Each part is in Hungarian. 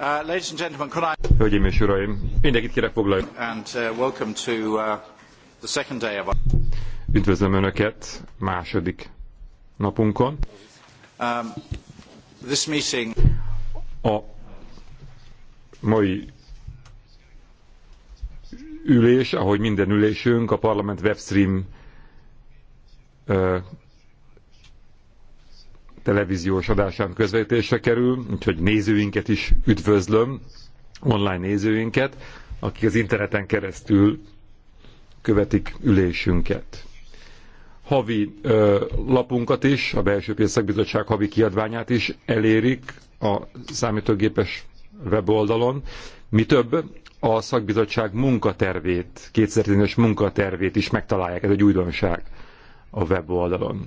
Uh, Hölgyeim és uraim, mindenkit kérek foglaljon. Uh, uh, Üdvözlöm Önöket második napunkon. Um, a mai ülés, ahogy minden ülésünk, a parlament webstream televíziós adásán közvetítésre kerül, úgyhogy nézőinket is üdvözlöm, online nézőinket, akik az interneten keresztül követik ülésünket. Havi ö, lapunkat is, a Belső Pénzszakbizottság havi kiadványát is elérik a számítógépes weboldalon. Mi több, a szakbizottság munkatervét, 2010-es munkatervét is megtalálják, ez egy újdonság a weboldalon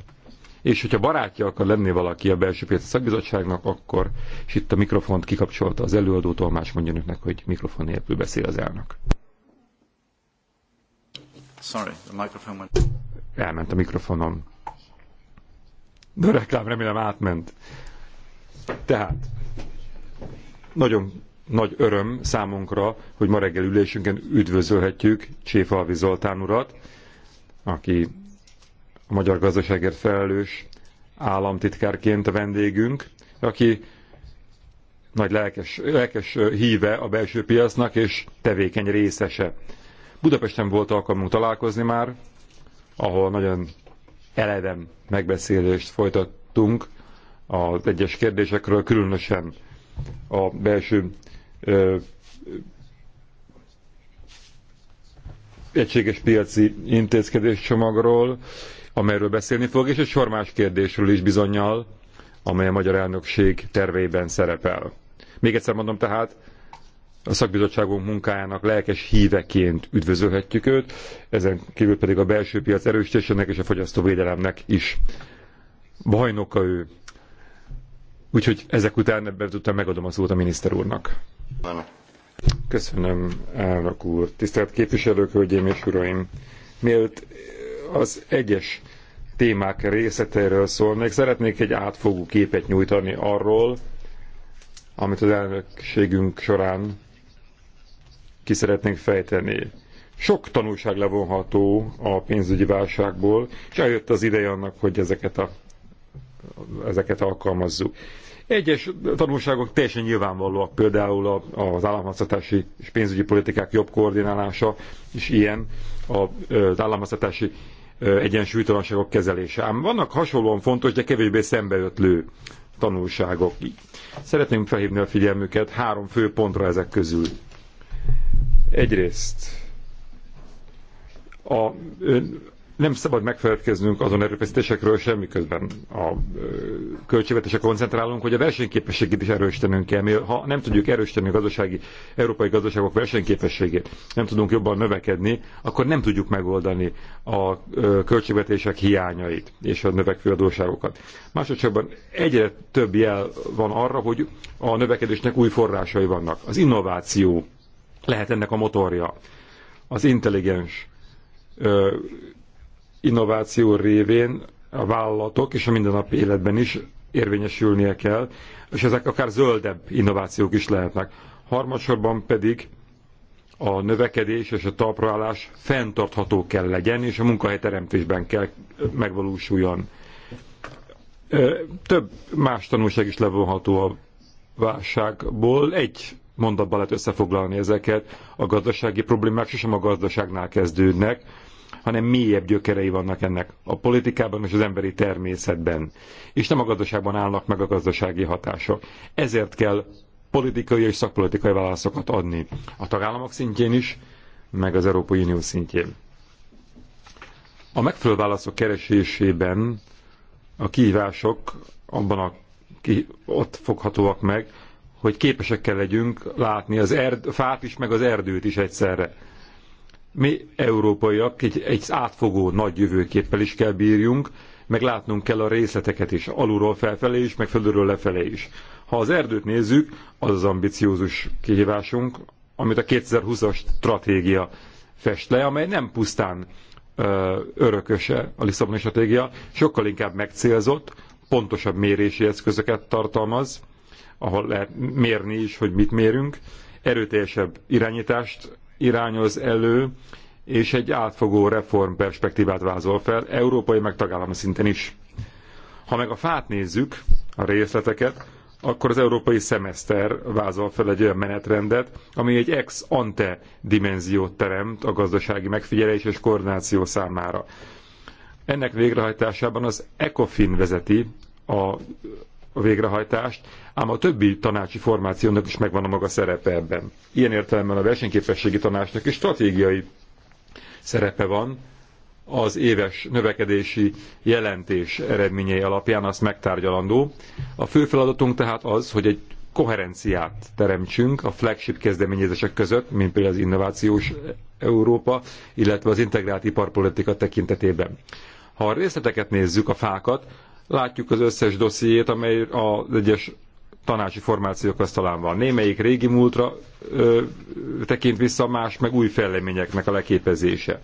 és hogyha barátja akar lenni valaki a belső piaci szakbizottságnak, akkor, és itt a mikrofont kikapcsolta az előadótól, más mondja önöknek, hogy mikrofon nélkül beszél az elnök. Sorry, the microphone went... Elment a mikrofonom. De a reklám remélem átment. Tehát, nagyon nagy öröm számunkra, hogy ma reggel ülésünkön üdvözölhetjük Cséfalvi Zoltán urat, aki a magyar gazdaságért felelős államtitkárként a vendégünk, aki nagy lelkes, lelkes híve a belső piacnak és tevékeny részese. Budapesten volt alkalmunk találkozni már, ahol nagyon eleven megbeszélést folytattunk az egyes kérdésekről, különösen a belső ö, egységes piaci intézkedés csomagról, amelyről beszélni fog, és egy sor más kérdésről is bizonyal, amely a magyar elnökség terveiben szerepel. Még egyszer mondom tehát, a szakbizottságunk munkájának lelkes híveként üdvözölhetjük őt, ezen kívül pedig a belső piac erősítésének és a fogyasztóvédelemnek is. Bajnoka ő. Úgyhogy ezek után ebben tudtam megadom a szót a miniszter úrnak. Köszönöm, elnök úr. Tisztelt képviselők, hölgyeim és uraim! Mielőtt az egyes témák részleteiről szólnék. Szeretnék egy átfogó képet nyújtani arról, amit az elnökségünk során ki szeretnénk fejteni. Sok tanulság levonható a pénzügyi válságból, és eljött az ideje annak, hogy ezeket, a, ezeket alkalmazzuk. Egyes tanulságok teljesen nyilvánvalóak, például az államháztatási és pénzügyi politikák jobb koordinálása is ilyen, az államháztatási egyensúlytalanságok kezelése. Ám vannak hasonlóan fontos, de kevésbé szembeötlő tanulságok. Szeretném felhívni a figyelmüket három fő pontra ezek közül. Egyrészt a, nem szabad megfelelkeznünk azon erőfeszítésekről sem, miközben a költségvetésre koncentrálunk, hogy a versenyképességét is erősítenünk kell. Mi, ha nem tudjuk erősíteni a gazdasági, európai gazdaságok versenyképességét, nem tudunk jobban növekedni, akkor nem tudjuk megoldani a költségvetések hiányait és a növekvő adóságokat. Másodszorban egyre több jel van arra, hogy a növekedésnek új forrásai vannak. Az innováció lehet ennek a motorja. Az intelligens innováció révén a vállalatok és a mindennapi életben is érvényesülnie kell, és ezek akár zöldebb innovációk is lehetnek. Harmadsorban pedig a növekedés és a talpraállás fenntartható kell legyen, és a munkahelyteremtésben kell megvalósuljon. Több más tanulság is levonható a válságból. Egy mondatban lehet összefoglalni ezeket. A gazdasági problémák sosem a gazdaságnál kezdődnek, hanem mélyebb gyökerei vannak ennek a politikában és az emberi természetben. És nem a gazdaságban állnak meg a gazdasági hatások. Ezért kell politikai és szakpolitikai válaszokat adni a tagállamok szintjén is, meg az Európai Unió szintjén. A megfelelő válaszok keresésében a kihívások abban a, ki, ott foghatóak meg, hogy képesek kell legyünk látni az erd, fát is, meg az erdőt is egyszerre mi európaiak egy, egy átfogó nagy jövőképpel is kell bírjunk, meg látnunk kell a részleteket is, alulról felfelé is, meg fölülről lefelé is. Ha az erdőt nézzük, az az ambiciózus kihívásunk, amit a 2020-as stratégia fest le, amely nem pusztán ö, örököse a Lisszaboni stratégia, sokkal inkább megcélzott, pontosabb mérési eszközöket tartalmaz, ahol lehet mérni is, hogy mit mérünk, erőteljesebb irányítást irányoz elő, és egy átfogó reform perspektívát vázol fel, európai meg tagállami szinten is. Ha meg a fát nézzük, a részleteket, akkor az európai szemeszter vázol fel egy olyan menetrendet, ami egy ex ante dimenziót teremt a gazdasági megfigyelés és koordináció számára. Ennek végrehajtásában az ECOFIN vezeti a végrehajtást, ám a többi tanácsi formációnak is megvan a maga szerepe ebben. Ilyen értelemben a versenyképességi tanácsnak is stratégiai szerepe van, az éves növekedési jelentés eredményei alapján azt megtárgyalandó. A fő feladatunk tehát az, hogy egy koherenciát teremtsünk a flagship kezdeményezések között, mint például az innovációs Európa, illetve az integrált iparpolitika tekintetében. Ha a részleteket nézzük, a fákat, látjuk az összes dossziét, amely az egyes tanácsi formációk az talán van. Némelyik régi múltra ö, tekint vissza, más meg új fejleményeknek a leképezése.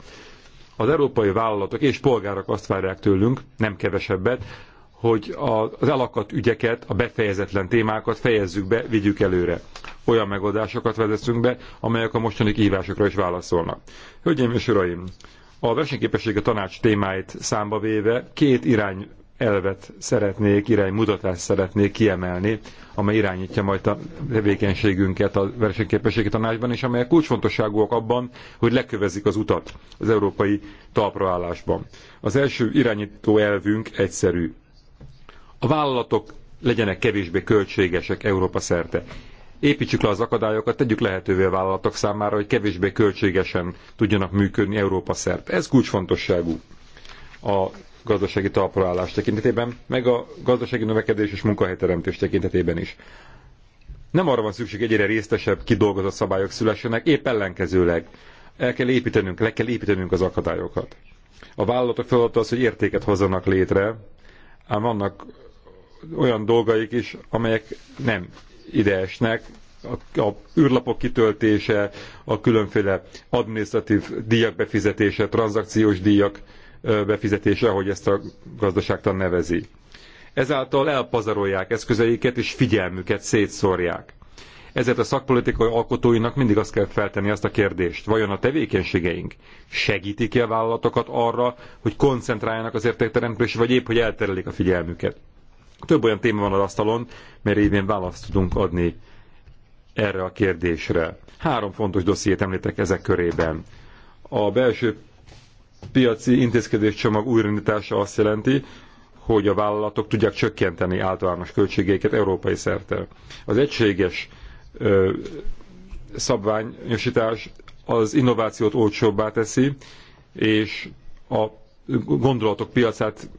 Az európai vállalatok és polgárok azt várják tőlünk, nem kevesebbet, hogy az elakadt ügyeket, a befejezetlen témákat fejezzük be, vigyük előre. Olyan megoldásokat vezetünk be, amelyek a mostani kihívásokra is válaszolnak. Hölgyeim és uraim, a versenyképessége tanács témáit számba véve két irány elvet szeretnék, iránymutatást szeretnék kiemelni, amely irányítja majd a tevékenységünket, a versenyképességi tanácsban, és amelyek kulcsfontosságúak abban, hogy lekövezik az utat az európai talpraállásban. Az első irányító elvünk egyszerű. A vállalatok legyenek kevésbé költségesek Európa szerte. Építsük le az akadályokat, tegyük lehetővé a vállalatok számára, hogy kevésbé költségesen tudjanak működni Európa szerte. Ez kulcsfontosságú a gazdasági talpraállás tekintetében, meg a gazdasági növekedés és munkahelyteremtés tekintetében is. Nem arra van szükség, egyre résztesebb, kidolgozott szabályok szülessenek, épp ellenkezőleg el kell építenünk, le kell építenünk az akadályokat. A vállalatok feladata az, hogy értéket hozzanak létre, ám vannak olyan dolgaik is, amelyek nem ideesnek, a, a űrlapok kitöltése, a különféle administratív díjak befizetése, tranzakciós díjak befizetése, ahogy ezt a gazdaságtan nevezi. Ezáltal elpazarolják eszközeiket és figyelmüket szétszórják. Ezért a szakpolitikai alkotóinak mindig azt kell feltenni azt a kérdést, vajon a tevékenységeink segítik-e a vállalatokat arra, hogy koncentráljanak az értékteremtésre, vagy épp, hogy elterelik a figyelmüket. Több olyan téma van az asztalon, mert évén választ tudunk adni erre a kérdésre. Három fontos dossziét említek ezek körében. A belső piaci intézkedéscsomag újraindítása azt jelenti, hogy a vállalatok tudják csökkenteni általános költségeiket európai szerte. Az egységes ö, szabványosítás az innovációt olcsóbbá teszi, és a gondolatok piacát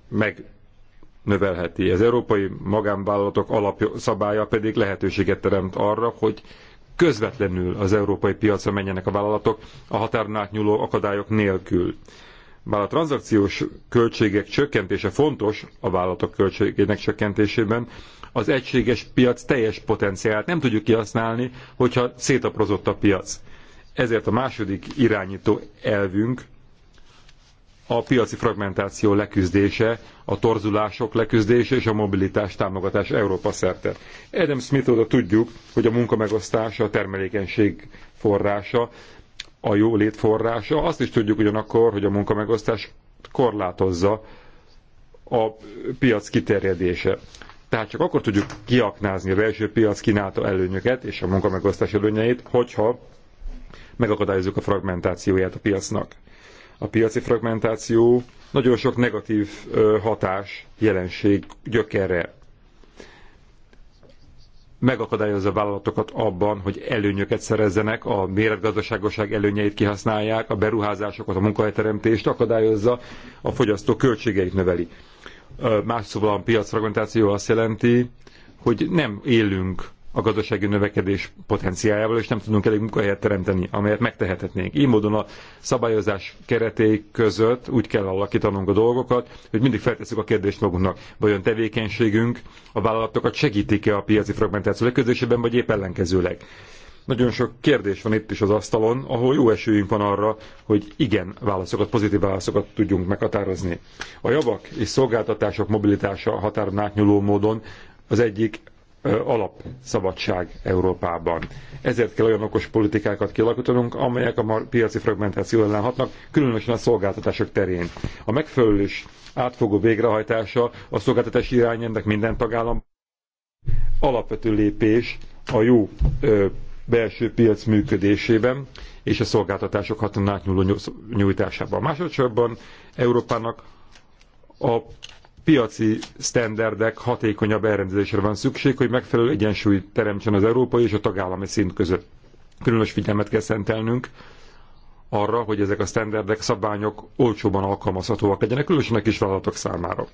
megnövelheti. Az európai magánvállalatok alapszabálya pedig lehetőséget teremt arra, hogy közvetlenül az európai piacra menjenek a vállalatok a határnál nyúló akadályok nélkül. Bár a tranzakciós költségek csökkentése fontos a vállalatok költségének csökkentésében, az egységes piac teljes potenciált nem tudjuk kihasználni, hogyha szétaprozott a piac. Ezért a második irányító elvünk a piaci fragmentáció leküzdése, a torzulások leküzdése és a mobilitás támogatás Európa szerte. Adam Smith oda tudjuk, hogy a munkamegosztása a termelékenység forrása, a jólét forrása. Azt is tudjuk ugyanakkor, hogy a munkamegosztás korlátozza a piac kiterjedése. Tehát csak akkor tudjuk kiaknázni a belső piac kínálta előnyöket és a munkamegosztás előnyeit, hogyha megakadályozzuk a fragmentációját a piacnak. A piaci fragmentáció nagyon sok negatív hatás, jelenség gyökere megakadályozza a vállalatokat abban, hogy előnyöket szerezzenek, a méretgazdaságoság előnyeit kihasználják, a beruházásokat, a munkahelyteremtést akadályozza, a fogyasztó költségeit növeli. Más szóval a piacfragmentáció azt jelenti, hogy nem élünk a gazdasági növekedés potenciájával, és nem tudunk elég munkahelyet teremteni, amelyet megtehetetnénk. Így módon a szabályozás keretei között úgy kell alakítanunk a dolgokat, hogy mindig feltesszük a kérdést magunknak, vajon tevékenységünk a vállalatokat segítik-e a piaci fragmentáció leközésében, vagy épp ellenkezőleg. Nagyon sok kérdés van itt is az asztalon, ahol jó esőjünk van arra, hogy igen válaszokat, pozitív válaszokat tudjunk meghatározni. A javak és szolgáltatások mobilitása határon átnyúló módon az egyik alapszabadság Európában. Ezért kell olyan okos politikákat kialakítanunk, amelyek a piaci fragmentáció ellen hatnak, különösen a szolgáltatások terén. A megfelelős átfogó végrehajtása a szolgáltatási irányendnek minden tagállam alapvető lépés a jó ö, belső piac működésében és a szolgáltatások hatalmát nyújtásában. Másodszorban Európának a piaci sztenderdek hatékonyabb elrendezésre van szükség, hogy megfelelő egyensúlyt teremtsen az európai és a tagállami szint között. Különös figyelmet kell szentelnünk arra, hogy ezek a sztenderdek, szabványok olcsóban alkalmazhatóak legyenek, különösen a kisvállalatok számára.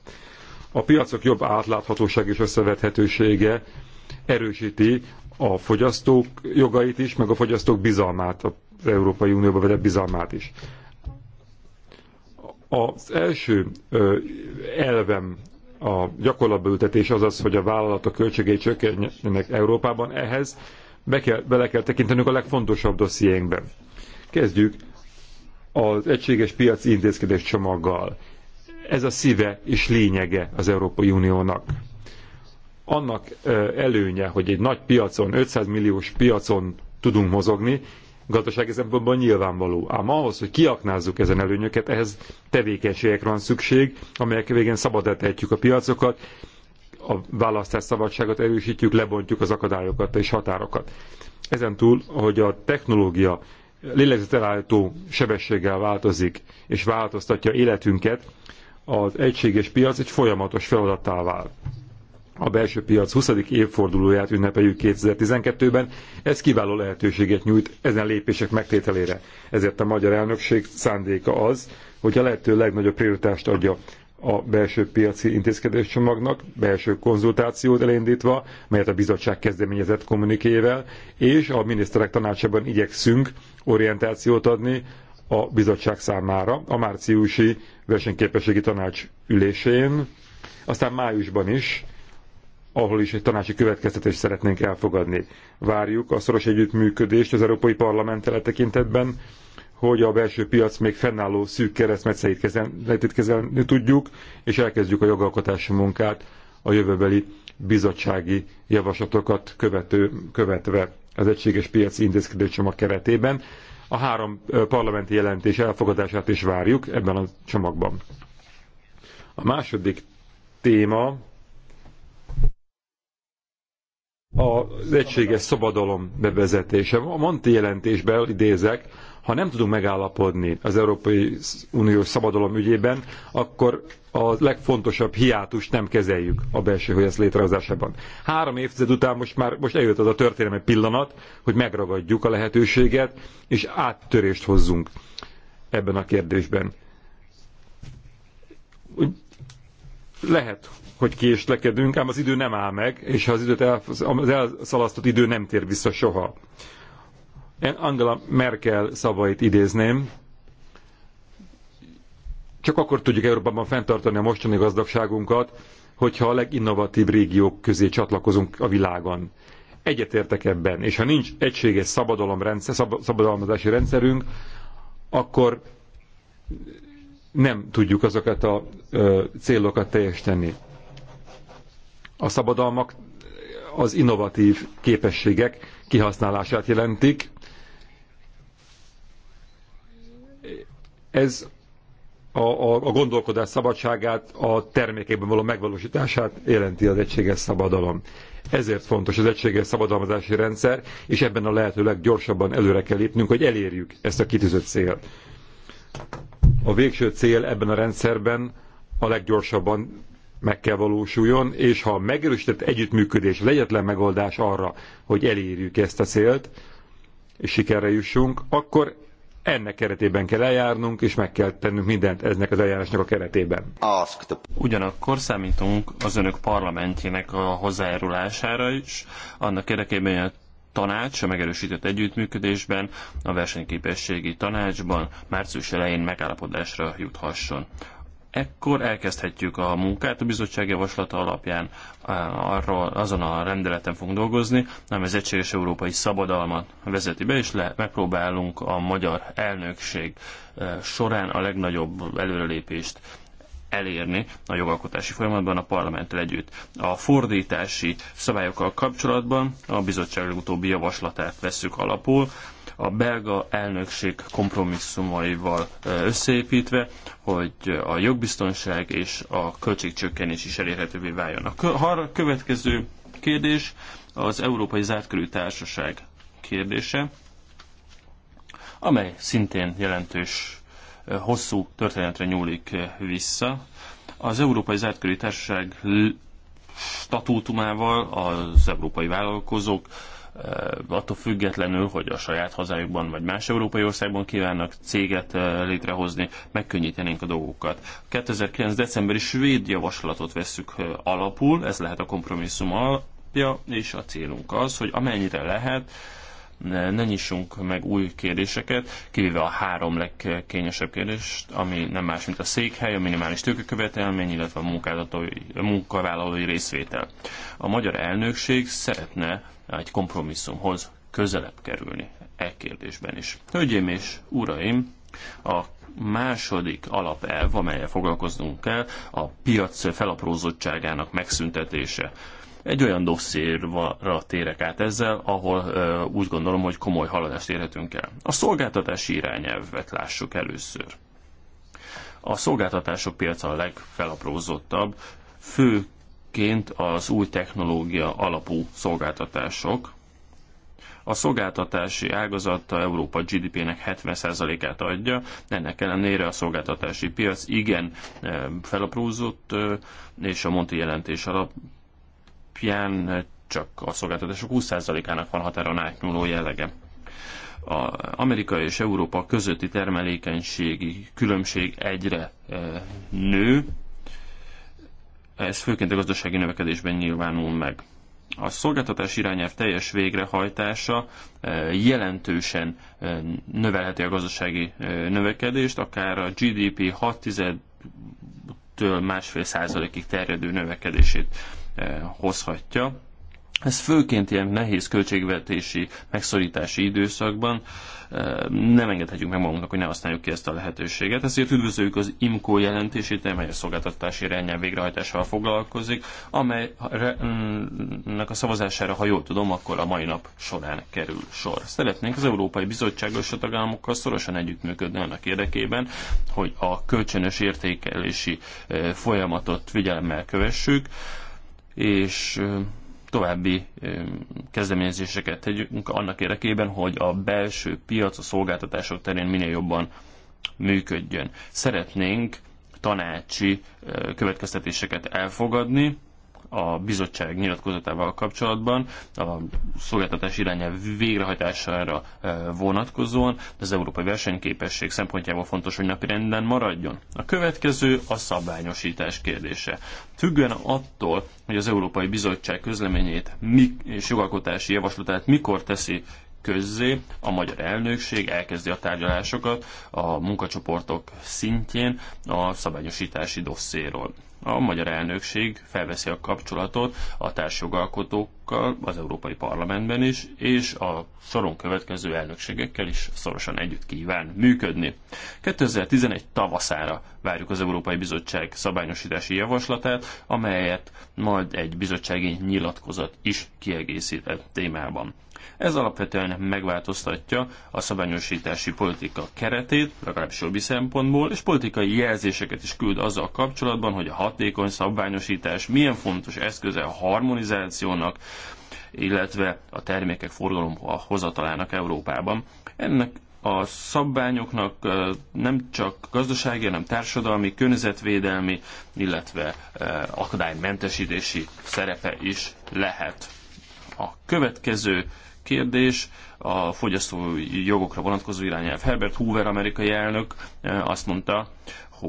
A piacok jobb átláthatóság és összevethetősége erősíti a fogyasztók jogait is, meg a fogyasztók bizalmát, az Európai Unióba vetett bizalmát is. Az első ö, elvem a gyakorlatba ültetés az az, hogy a vállalatok költségei csökkenjenek Európában, ehhez be kell, bele kell tekintenünk a legfontosabb dossziénkbe. Kezdjük az egységes piaci intézkedés csomaggal. Ez a szíve és lényege az Európai Uniónak. Annak előnye, hogy egy nagy piacon, 500 milliós piacon tudunk mozogni, gazdasági szempontból nyilvánvaló. Ám ahhoz, hogy kiaknázzuk ezen előnyöket, ehhez tevékenységekre van szükség, amelyek végén szabadá tehetjük a piacokat, a választás szabadságot erősítjük, lebontjuk az akadályokat és határokat. Ezen túl, hogy a technológia lélegzetelállító sebességgel változik és változtatja életünket, az egységes piac egy folyamatos feladattá vált a belső piac 20. évfordulóját ünnepeljük 2012-ben, ez kiváló lehetőséget nyújt ezen lépések megtételére. Ezért a magyar elnökség szándéka az, hogy a lehető legnagyobb prioritást adja a belső piaci intézkedéscsomagnak, belső konzultációt elindítva, melyet a bizottság kezdeményezett kommunikével, és a miniszterek tanácsában igyekszünk orientációt adni a bizottság számára a márciusi versenyképességi tanács ülésén, aztán májusban is ahol is egy tanácsi következtetést szeretnénk elfogadni. Várjuk a szoros együttműködést az Európai Parlamenttel e tekintetben, hogy a belső piac még fennálló szűk keresztmetszeit kezelni, kezelni tudjuk, és elkezdjük a jogalkotási munkát a jövőbeli bizottsági javaslatokat követő, követve az egységes piaci intézkedőcsomag keretében. A három parlamenti jelentés elfogadását is várjuk ebben a csomagban. A második téma a egységes szabadalom bevezetése. A Monti jelentésben idézek, ha nem tudunk megállapodni az Európai Unió szabadalom ügyében, akkor a legfontosabb hiátust nem kezeljük a belső helyez létrehozásában. Három évtized után most már most eljött az a történelmi pillanat, hogy megragadjuk a lehetőséget, és áttörést hozzunk ebben a kérdésben. Lehet, hogy késlekedünk, ám az idő nem áll meg, és ha az, időt el, az elszalasztott idő nem tér vissza soha. Én Angela Merkel szavait idézném, csak akkor tudjuk Európában fenntartani a mostani gazdagságunkat, hogyha a leginnovatív régiók közé csatlakozunk a világon. Egyetértek ebben, és ha nincs egységes szabadalomrendszer, szab, szabadalmazási rendszerünk, akkor nem tudjuk azokat a célokat teljesíteni. A szabadalmak az innovatív képességek kihasználását jelentik. Ez a, a, a gondolkodás szabadságát, a termékekben való megvalósítását jelenti az egységes szabadalom. Ezért fontos az egységes szabadalmazási rendszer, és ebben a lehetőleg gyorsabban előre kell lépnünk, hogy elérjük ezt a kitűzött célt a végső cél ebben a rendszerben a leggyorsabban meg kell valósuljon, és ha megerősített együttműködés legyetlen megoldás arra, hogy elérjük ezt a célt, és sikerre jussunk, akkor ennek keretében kell eljárnunk, és meg kell tennünk mindent eznek az eljárásnak a keretében. Ugyanakkor számítunk az önök parlamentjének a hozzájárulására is, annak érdekében, hogy a tanács a megerősített együttműködésben, a versenyképességi tanácsban március elején megállapodásra juthasson. Ekkor elkezdhetjük a munkát a bizottság javaslata alapján, arról, azon a rendeleten fogunk dolgozni, nem ez egységes európai szabadalmat vezeti be, és le, megpróbálunk a magyar elnökség során a legnagyobb előrelépést elérni a jogalkotási folyamatban a parlamenttel együtt. A fordítási szabályokkal kapcsolatban a bizottság legutóbbi javaslatát vesszük alapul, a belga elnökség kompromisszumaival összeépítve, hogy a jogbiztonság és a költségcsökkenés is elérhetővé váljon. A következő kérdés az Európai Zártkörű Társaság kérdése, amely szintén jelentős hosszú történetre nyúlik vissza. Az Európai Zártkörű Társaság statútumával az európai vállalkozók eh, attól függetlenül, hogy a saját hazájukban vagy más európai országban kívánnak céget eh, létrehozni, megkönnyítenénk a dolgokat. 2009. decemberi svéd javaslatot vesszük eh, alapul, ez lehet a kompromisszum alapja, és a célunk az, hogy amennyire lehet, ne nyissunk meg új kérdéseket, kivéve a három legkényesebb kérdést, ami nem más, mint a székhely, a minimális tőkekövetelmény, illetve a, a munkavállalói részvétel. A magyar elnökség szeretne egy kompromisszumhoz közelebb kerülni e kérdésben is. Hölgyeim és uraim, a második alapelv, amelyel foglalkoznunk kell, a piac felaprózottságának megszüntetése. Egy olyan dosszérra térek át ezzel, ahol úgy gondolom, hogy komoly haladást érhetünk el. A szolgáltatási irányelvet lássuk először. A szolgáltatások piaca a legfelaprózottabb, főként az új technológia alapú szolgáltatások, a szolgáltatási ágazata Európa GDP-nek 70%-át adja, ennek ellenére a szolgáltatási piac igen felaprózott, és a Monti jelentés alap alapján csak a szolgáltatások 20%-ának van határon átnyúló jellege. A Amerika és Európa közötti termelékenységi különbség egyre e, nő, ez főként a gazdasági növekedésben nyilvánul meg. A szolgáltatás irányelv teljes végrehajtása e, jelentősen e, növelheti a gazdasági növekedést, akár a GDP 6 től másfél százalékig terjedő növekedését hozhatja. Ez főként ilyen nehéz költségvetési, megszorítási időszakban nem engedhetjük meg magunknak, hogy ne használjuk ki ezt a lehetőséget. Ezért üdvözöljük az IMCO jelentését, amely a szolgáltatási irányelv végrehajtásával foglalkozik, amelynek a szavazására, ha jól tudom, akkor a mai nap során kerül sor. Szeretnénk az Európai bizottságos tagállamokkal szorosan együttműködni annak érdekében, hogy a kölcsönös értékelési folyamatot figyelemmel kövessük, és további kezdeményezéseket tegyünk annak érdekében, hogy a belső piac a szolgáltatások terén minél jobban működjön. Szeretnénk tanácsi következtetéseket elfogadni, a bizottság nyilatkozatával kapcsolatban, a szolgáltatás irányelv végrehajtására e, vonatkozóan, az európai versenyképesség szempontjából fontos, hogy napirenden maradjon. A következő a szabványosítás kérdése. Függően attól, hogy az Európai Bizottság közleményét mi, és jogalkotási javaslatát mikor teszi közzé, a magyar elnökség elkezdi a tárgyalásokat a munkacsoportok szintjén a szabályosítási dosszéról. A magyar elnökség felveszi a kapcsolatot a társjogalkotók tagállamokkal, az Európai Parlamentben is, és a soron következő elnökségekkel is szorosan együtt kíván működni. 2011 tavaszára várjuk az Európai Bizottság szabályosítási javaslatát, amelyet majd egy bizottsági nyilatkozat is kiegészít e témában. Ez alapvetően megváltoztatja a szabályosítási politika keretét, legalábbis jobbi szempontból, és politikai jelzéseket is küld azzal kapcsolatban, hogy a hatékony szabványosítás milyen fontos eszköze a harmonizációnak, illetve a termékek a hozatalának Európában. Ennek a szabványoknak nem csak gazdasági, hanem társadalmi, környezetvédelmi, illetve akadálymentesítési szerepe is lehet. A következő kérdés a fogyasztói jogokra vonatkozó irányelv. Herbert Hoover amerikai elnök azt mondta,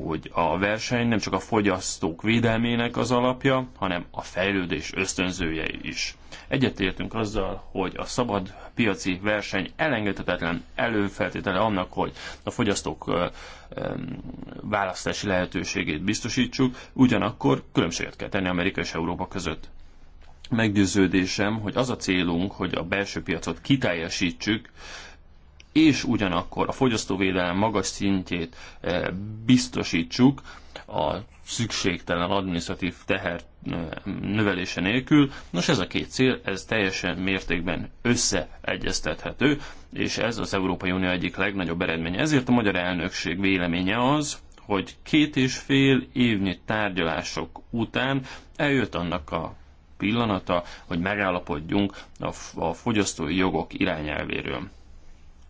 hogy a verseny nem csak a fogyasztók védelmének az alapja, hanem a fejlődés ösztönzője is. Egyetértünk azzal, hogy a szabad piaci verseny elengedhetetlen előfeltétele annak, hogy a fogyasztók választási lehetőségét biztosítsuk, ugyanakkor különbséget kell tenni Amerika és Európa között. Meggyőződésem, hogy az a célunk, hogy a belső piacot kiteljesítsük, és ugyanakkor a fogyasztóvédelem magas szintjét eh, biztosítsuk a szükségtelen adminisztratív teher eh, növelése nélkül. Nos, ez a két cél, ez teljesen mértékben összeegyeztethető, és ez az Európai Unió egyik legnagyobb eredménye. Ezért a magyar elnökség véleménye az, hogy két és fél évnyi tárgyalások után eljött annak a pillanata, hogy megállapodjunk a, fogyasztói jogok irányelvéről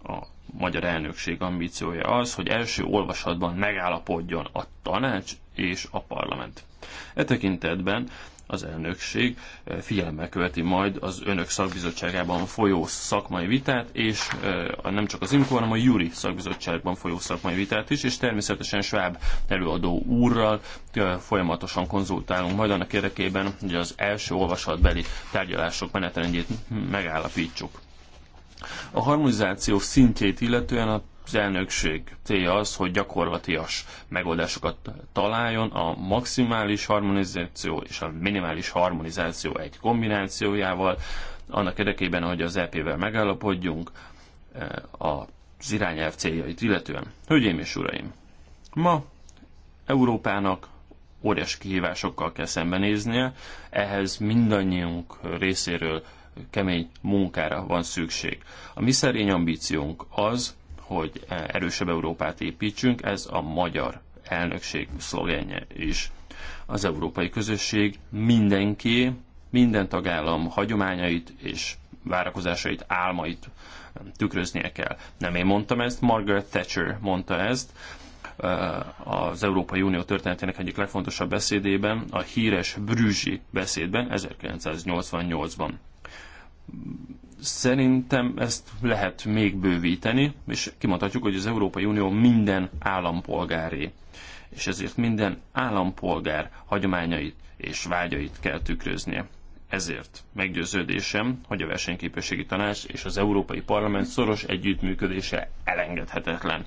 a magyar elnökség ambíciója az, hogy első olvasatban megállapodjon a tanács és a parlament. E tekintetben az elnökség e, figyelemmel követi majd az önök szakbizottságában folyó szakmai vitát, és e, nem csak az IMKO, hanem a Juri szakbizottságban folyó szakmai vitát is, és természetesen Schwab előadó úrral e, folyamatosan konzultálunk majd annak érdekében, hogy az első olvasatbeli tárgyalások menetrendjét megállapítsuk. A harmonizáció szintjét illetően a az elnökség célja az, hogy gyakorlatias megoldásokat találjon a maximális harmonizáció és a minimális harmonizáció egy kombinációjával, annak érdekében, hogy az EP-vel megállapodjunk eh, az irányelv céljait illetően. Hölgyeim és uraim, ma Európának óriási kihívásokkal kell szembenéznie, ehhez mindannyiunk részéről kemény munkára van szükség. A mi szerény ambíciónk az, hogy erősebb Európát építsünk, ez a magyar elnökség szlogenje is. Az európai közösség mindenki, minden tagállam hagyományait és várakozásait, álmait tükröznie kell. Nem én mondtam ezt, Margaret Thatcher mondta ezt eh, az Európai Unió történetének egyik legfontosabb beszédében, a híres Brüzsi beszédben 1988-ban. Szerintem ezt lehet még bővíteni, és kimondhatjuk, hogy az Európai Unió minden állampolgáré, és ezért minden állampolgár hagyományait és vágyait kell tükröznie. Ezért meggyőződésem, hogy a versenyképességi tanács és az Európai Parlament szoros együttműködése elengedhetetlen.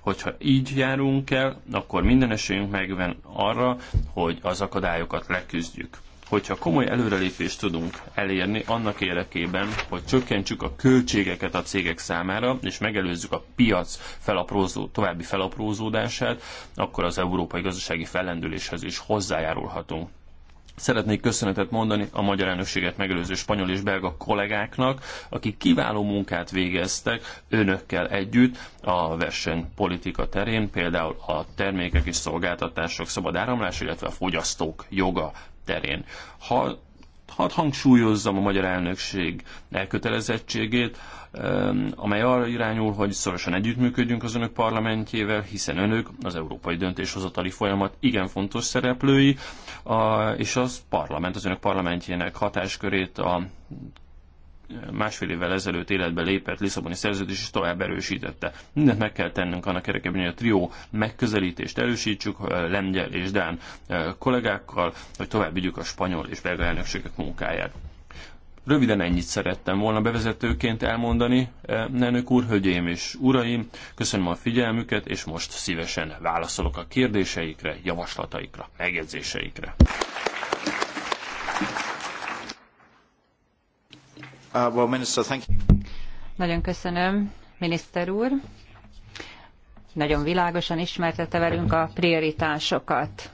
Hogyha így járunk el, akkor minden esélyünk megven arra, hogy az akadályokat leküzdjük hogyha komoly előrelépést tudunk elérni annak érdekében, hogy csökkentsük a költségeket a cégek számára, és megelőzzük a piac felaprózó, további felaprózódását, akkor az európai gazdasági fellendüléshez is hozzájárulhatunk. Szeretnék köszönetet mondani a magyar elnökséget megelőző spanyol és belga kollégáknak, akik kiváló munkát végeztek önökkel együtt a versenypolitika terén, például a termékek és szolgáltatások szabad áramlás, illetve a fogyasztók joga terén. Ha hadd hangsúlyozzam a magyar elnökség elkötelezettségét, amely arra irányul, hogy szorosan együttműködjünk az önök parlamentjével, hiszen önök az európai döntéshozatali folyamat igen fontos szereplői, és az parlament, az önök parlamentjének hatáskörét a másfél évvel ezelőtt életbe lépett Lisszaboni szerződés is tovább erősítette. Mindent meg kell tennünk annak érdekében, hogy a trió megközelítést erősítsük lengyel és dán kollégákkal, hogy tovább vigyük a spanyol és belga elnökségek munkáját. Röviden ennyit szerettem volna bevezetőként elmondani, elnök úr, hölgyeim és uraim, köszönöm a figyelmüket, és most szívesen válaszolok a kérdéseikre, javaslataikra, megjegyzéseikre. Uh, nagyon köszönöm, miniszter úr. Nagyon világosan ismertette velünk a prioritásokat.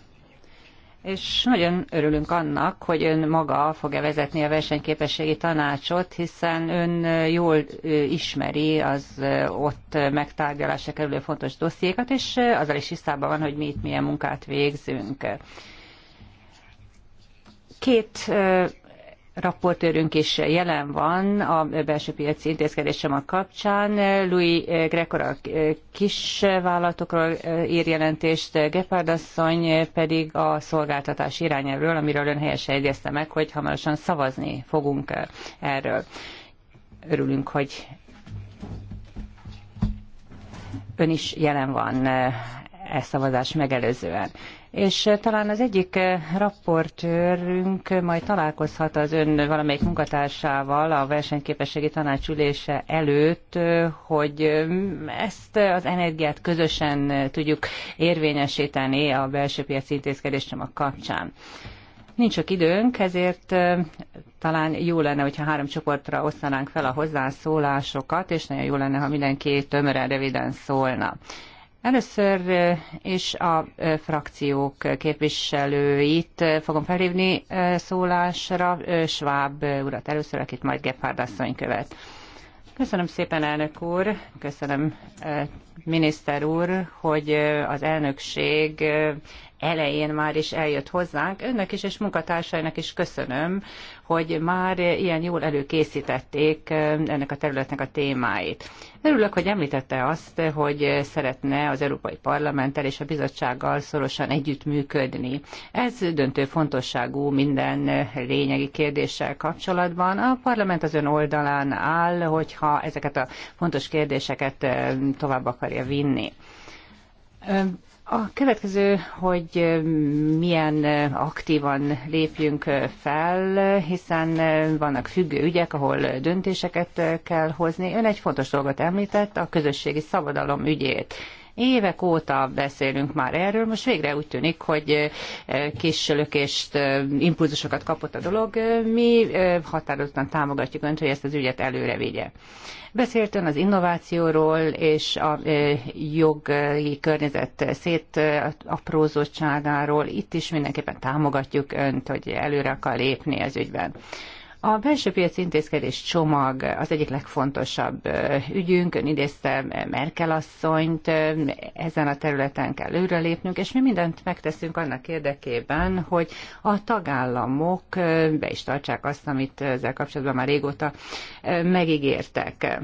És nagyon örülünk annak, hogy ön maga fogja vezetni a versenyképességi tanácsot, hiszen ön jól ismeri az ott megtárgyalásra kerülő fontos dossziékat, és azzal is tisztában van, hogy mi itt milyen munkát végzünk. Két raportőrünk is jelen van a belső piaci intézkedésem kapcsán. Louis Grekor a vállalatokról eh, ír jelentést, Gepard asszony pedig a szolgáltatás irányelvről, amiről ön helyesen egyezte meg, hogy hamarosan szavazni fogunk eh, erről. Örülünk, hogy ön is jelen van eh, e szavazás megelőzően és eh, talán az egyik eh, rapportőrünk majd találkozhat az ön valamelyik munkatársával a versenyképességi tanácsülése előtt, eh, hogy ezt az energiát közösen tudjuk érvényesíteni a belső piaci intézkedés a kapcsán. Nincs sok időnk, ezért talán jó lenne, hogyha három csoportra osztanánk fel a hozzászólásokat, és nagyon jó lenne, ha mindenki tömören, röviden szólna. Először is a frakciók képviselőit fogom felhívni szólásra. Schwab urat először, akit majd Gephardt asszony követ. Köszönöm szépen, elnök úr, köszönöm miniszter úr, hogy az elnökség elején már is eljött hozzánk. Önnek is és munkatársainak is köszönöm, hogy már ilyen jól előkészítették ennek a területnek a témáit. Örülök, hogy említette azt, hogy szeretne az Európai Parlamenttel és a bizottsággal szorosan együttműködni. Ez döntő fontosságú minden lényegi kérdéssel kapcsolatban. A parlament az ön oldalán áll, hogyha ezeket a fontos kérdéseket tovább akarja akarja vinni. A következő, hogy milyen aktívan lépjünk fel, hiszen vannak függő ügyek, ahol döntéseket kell hozni. Ön egy fontos dolgot említett, a közösségi szabadalom ügyét. Évek óta beszélünk már erről, most végre úgy tűnik, hogy kis lökést, impulzusokat kapott a dolog. Mi határozottan támogatjuk önt, hogy ezt az ügyet előre vigye. Beszélt ön az innovációról és a jogi környezet szétaprózottságáról. Itt is mindenképpen támogatjuk önt, hogy előre akar lépni az ügyben. A belső piaci intézkedés csomag az egyik legfontosabb ügyünk, ön idézte Merkel asszonyt, ezen a területen kell előrelépnünk, és mi mindent megteszünk annak érdekében, hogy a tagállamok be is tartsák azt, amit ezzel kapcsolatban már régóta megígértek.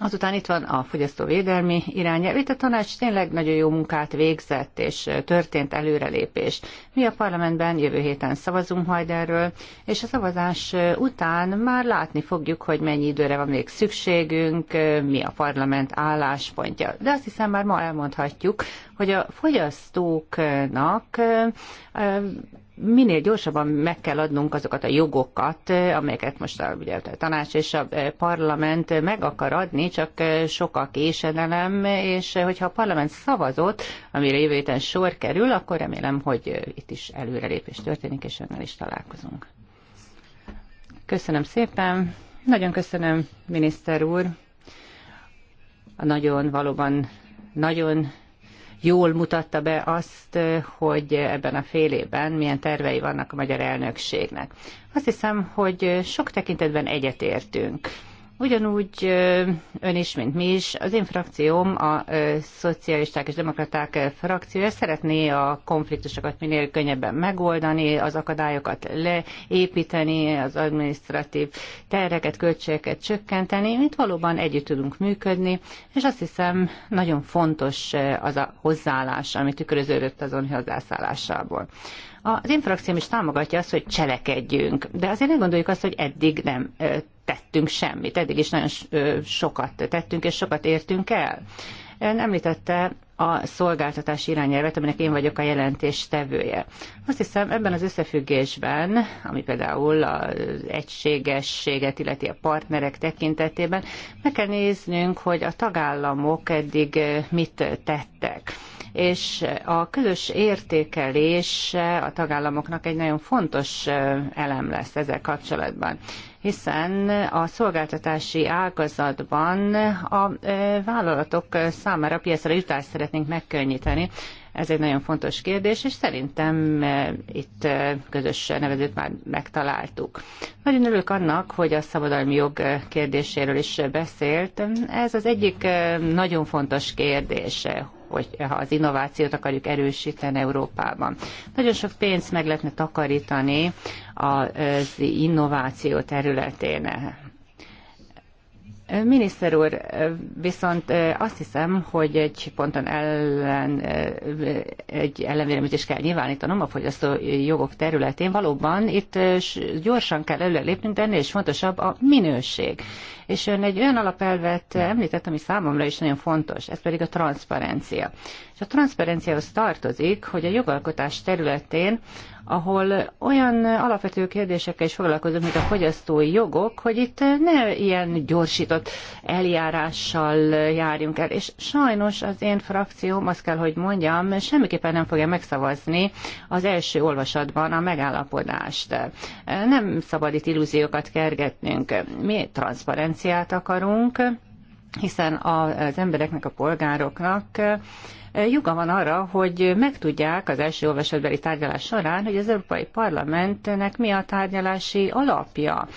Azután itt van a fogyasztóvédelmi irányelv. Itt a tanács tényleg nagyon jó munkát végzett, és történt előrelépés. Mi a parlamentben jövő héten szavazunk majd erről, és a szavazás után már látni fogjuk, hogy mennyi időre van még szükségünk, mi a parlament álláspontja. De azt hiszem már ma elmondhatjuk, hogy a fogyasztóknak minél gyorsabban meg kell adnunk azokat a jogokat, amelyeket most a, ugye, a tanács és a parlament meg akar adni, csak sok a késedelem, és hogyha a parlament szavazott, amire jövő héten sor kerül, akkor remélem, hogy itt is előrelépés történik, és önnel is találkozunk. Köszönöm szépen, nagyon köszönöm, miniszter úr, a nagyon valóban nagyon jól mutatta be azt, hogy ebben a fél évben milyen tervei vannak a magyar elnökségnek. Azt hiszem, hogy sok tekintetben egyetértünk Ugyanúgy ön is, mint mi is, az én frakcióm, a szocialisták és demokraták frakciója szeretné a konfliktusokat minél könnyebben megoldani, az akadályokat leépíteni, az administratív terreket, költségeket csökkenteni. mint valóban együtt tudunk működni, és azt hiszem nagyon fontos az a hozzáállás, ami tükröződött azon hozzászállásából. Az én frakcióm is támogatja azt, hogy cselekedjünk, de azért ne gondoljuk azt, hogy eddig nem tettünk semmit. Eddig is nagyon sokat tettünk, és sokat értünk el. Ön említette a szolgáltatás irányelvet, aminek én vagyok a jelentés tevője. Azt hiszem, ebben az összefüggésben, ami például az egységességet, illeti a partnerek tekintetében, meg kell néznünk, hogy a tagállamok eddig mit tettek és a közös értékelés a tagállamoknak egy nagyon fontos elem lesz ezzel kapcsolatban hiszen a szolgáltatási ágazatban a e, vállalatok számára piacra jutást szeretnénk megkönnyíteni. Ez egy nagyon fontos kérdés, és szerintem e, itt e, közös nevezőt már megtaláltuk. Nagyon örülök annak, hogy a szabadalmi jog kérdéséről is beszélt. Ez az egyik nagyon fontos kérdés, hogy ha az innovációt akarjuk erősíteni Európában. Nagyon sok pénzt meg lehetne takarítani az innováció területén. Miniszter úr, viszont azt hiszem, hogy egy ponton ellen, egy ellenvéleményt is kell nyilvánítanom a fogyasztó jogok területén. Valóban itt gyorsan kell előlépnünk, de ennél is fontosabb a minőség. És ön egy olyan alapelvet említett, ami számomra is nagyon fontos, ez pedig a transzparencia. És a transzparenciához tartozik, hogy a jogalkotás területén ahol olyan alapvető kérdésekkel is foglalkozunk, mint a fogyasztói jogok, hogy itt ne ilyen gyorsított eljárással járjunk el. És sajnos az én frakcióm, azt kell, hogy mondjam, semmiképpen nem fogja megszavazni az első olvasatban a megállapodást. Nem szabad itt illúziókat kergetnünk. Mi transzparenciát akarunk, hiszen az embereknek, a polgároknak joga van arra, hogy megtudják az első olvasatbeli tárgyalás során, hogy az Európai Parlamentnek mi a tárgyalási alapja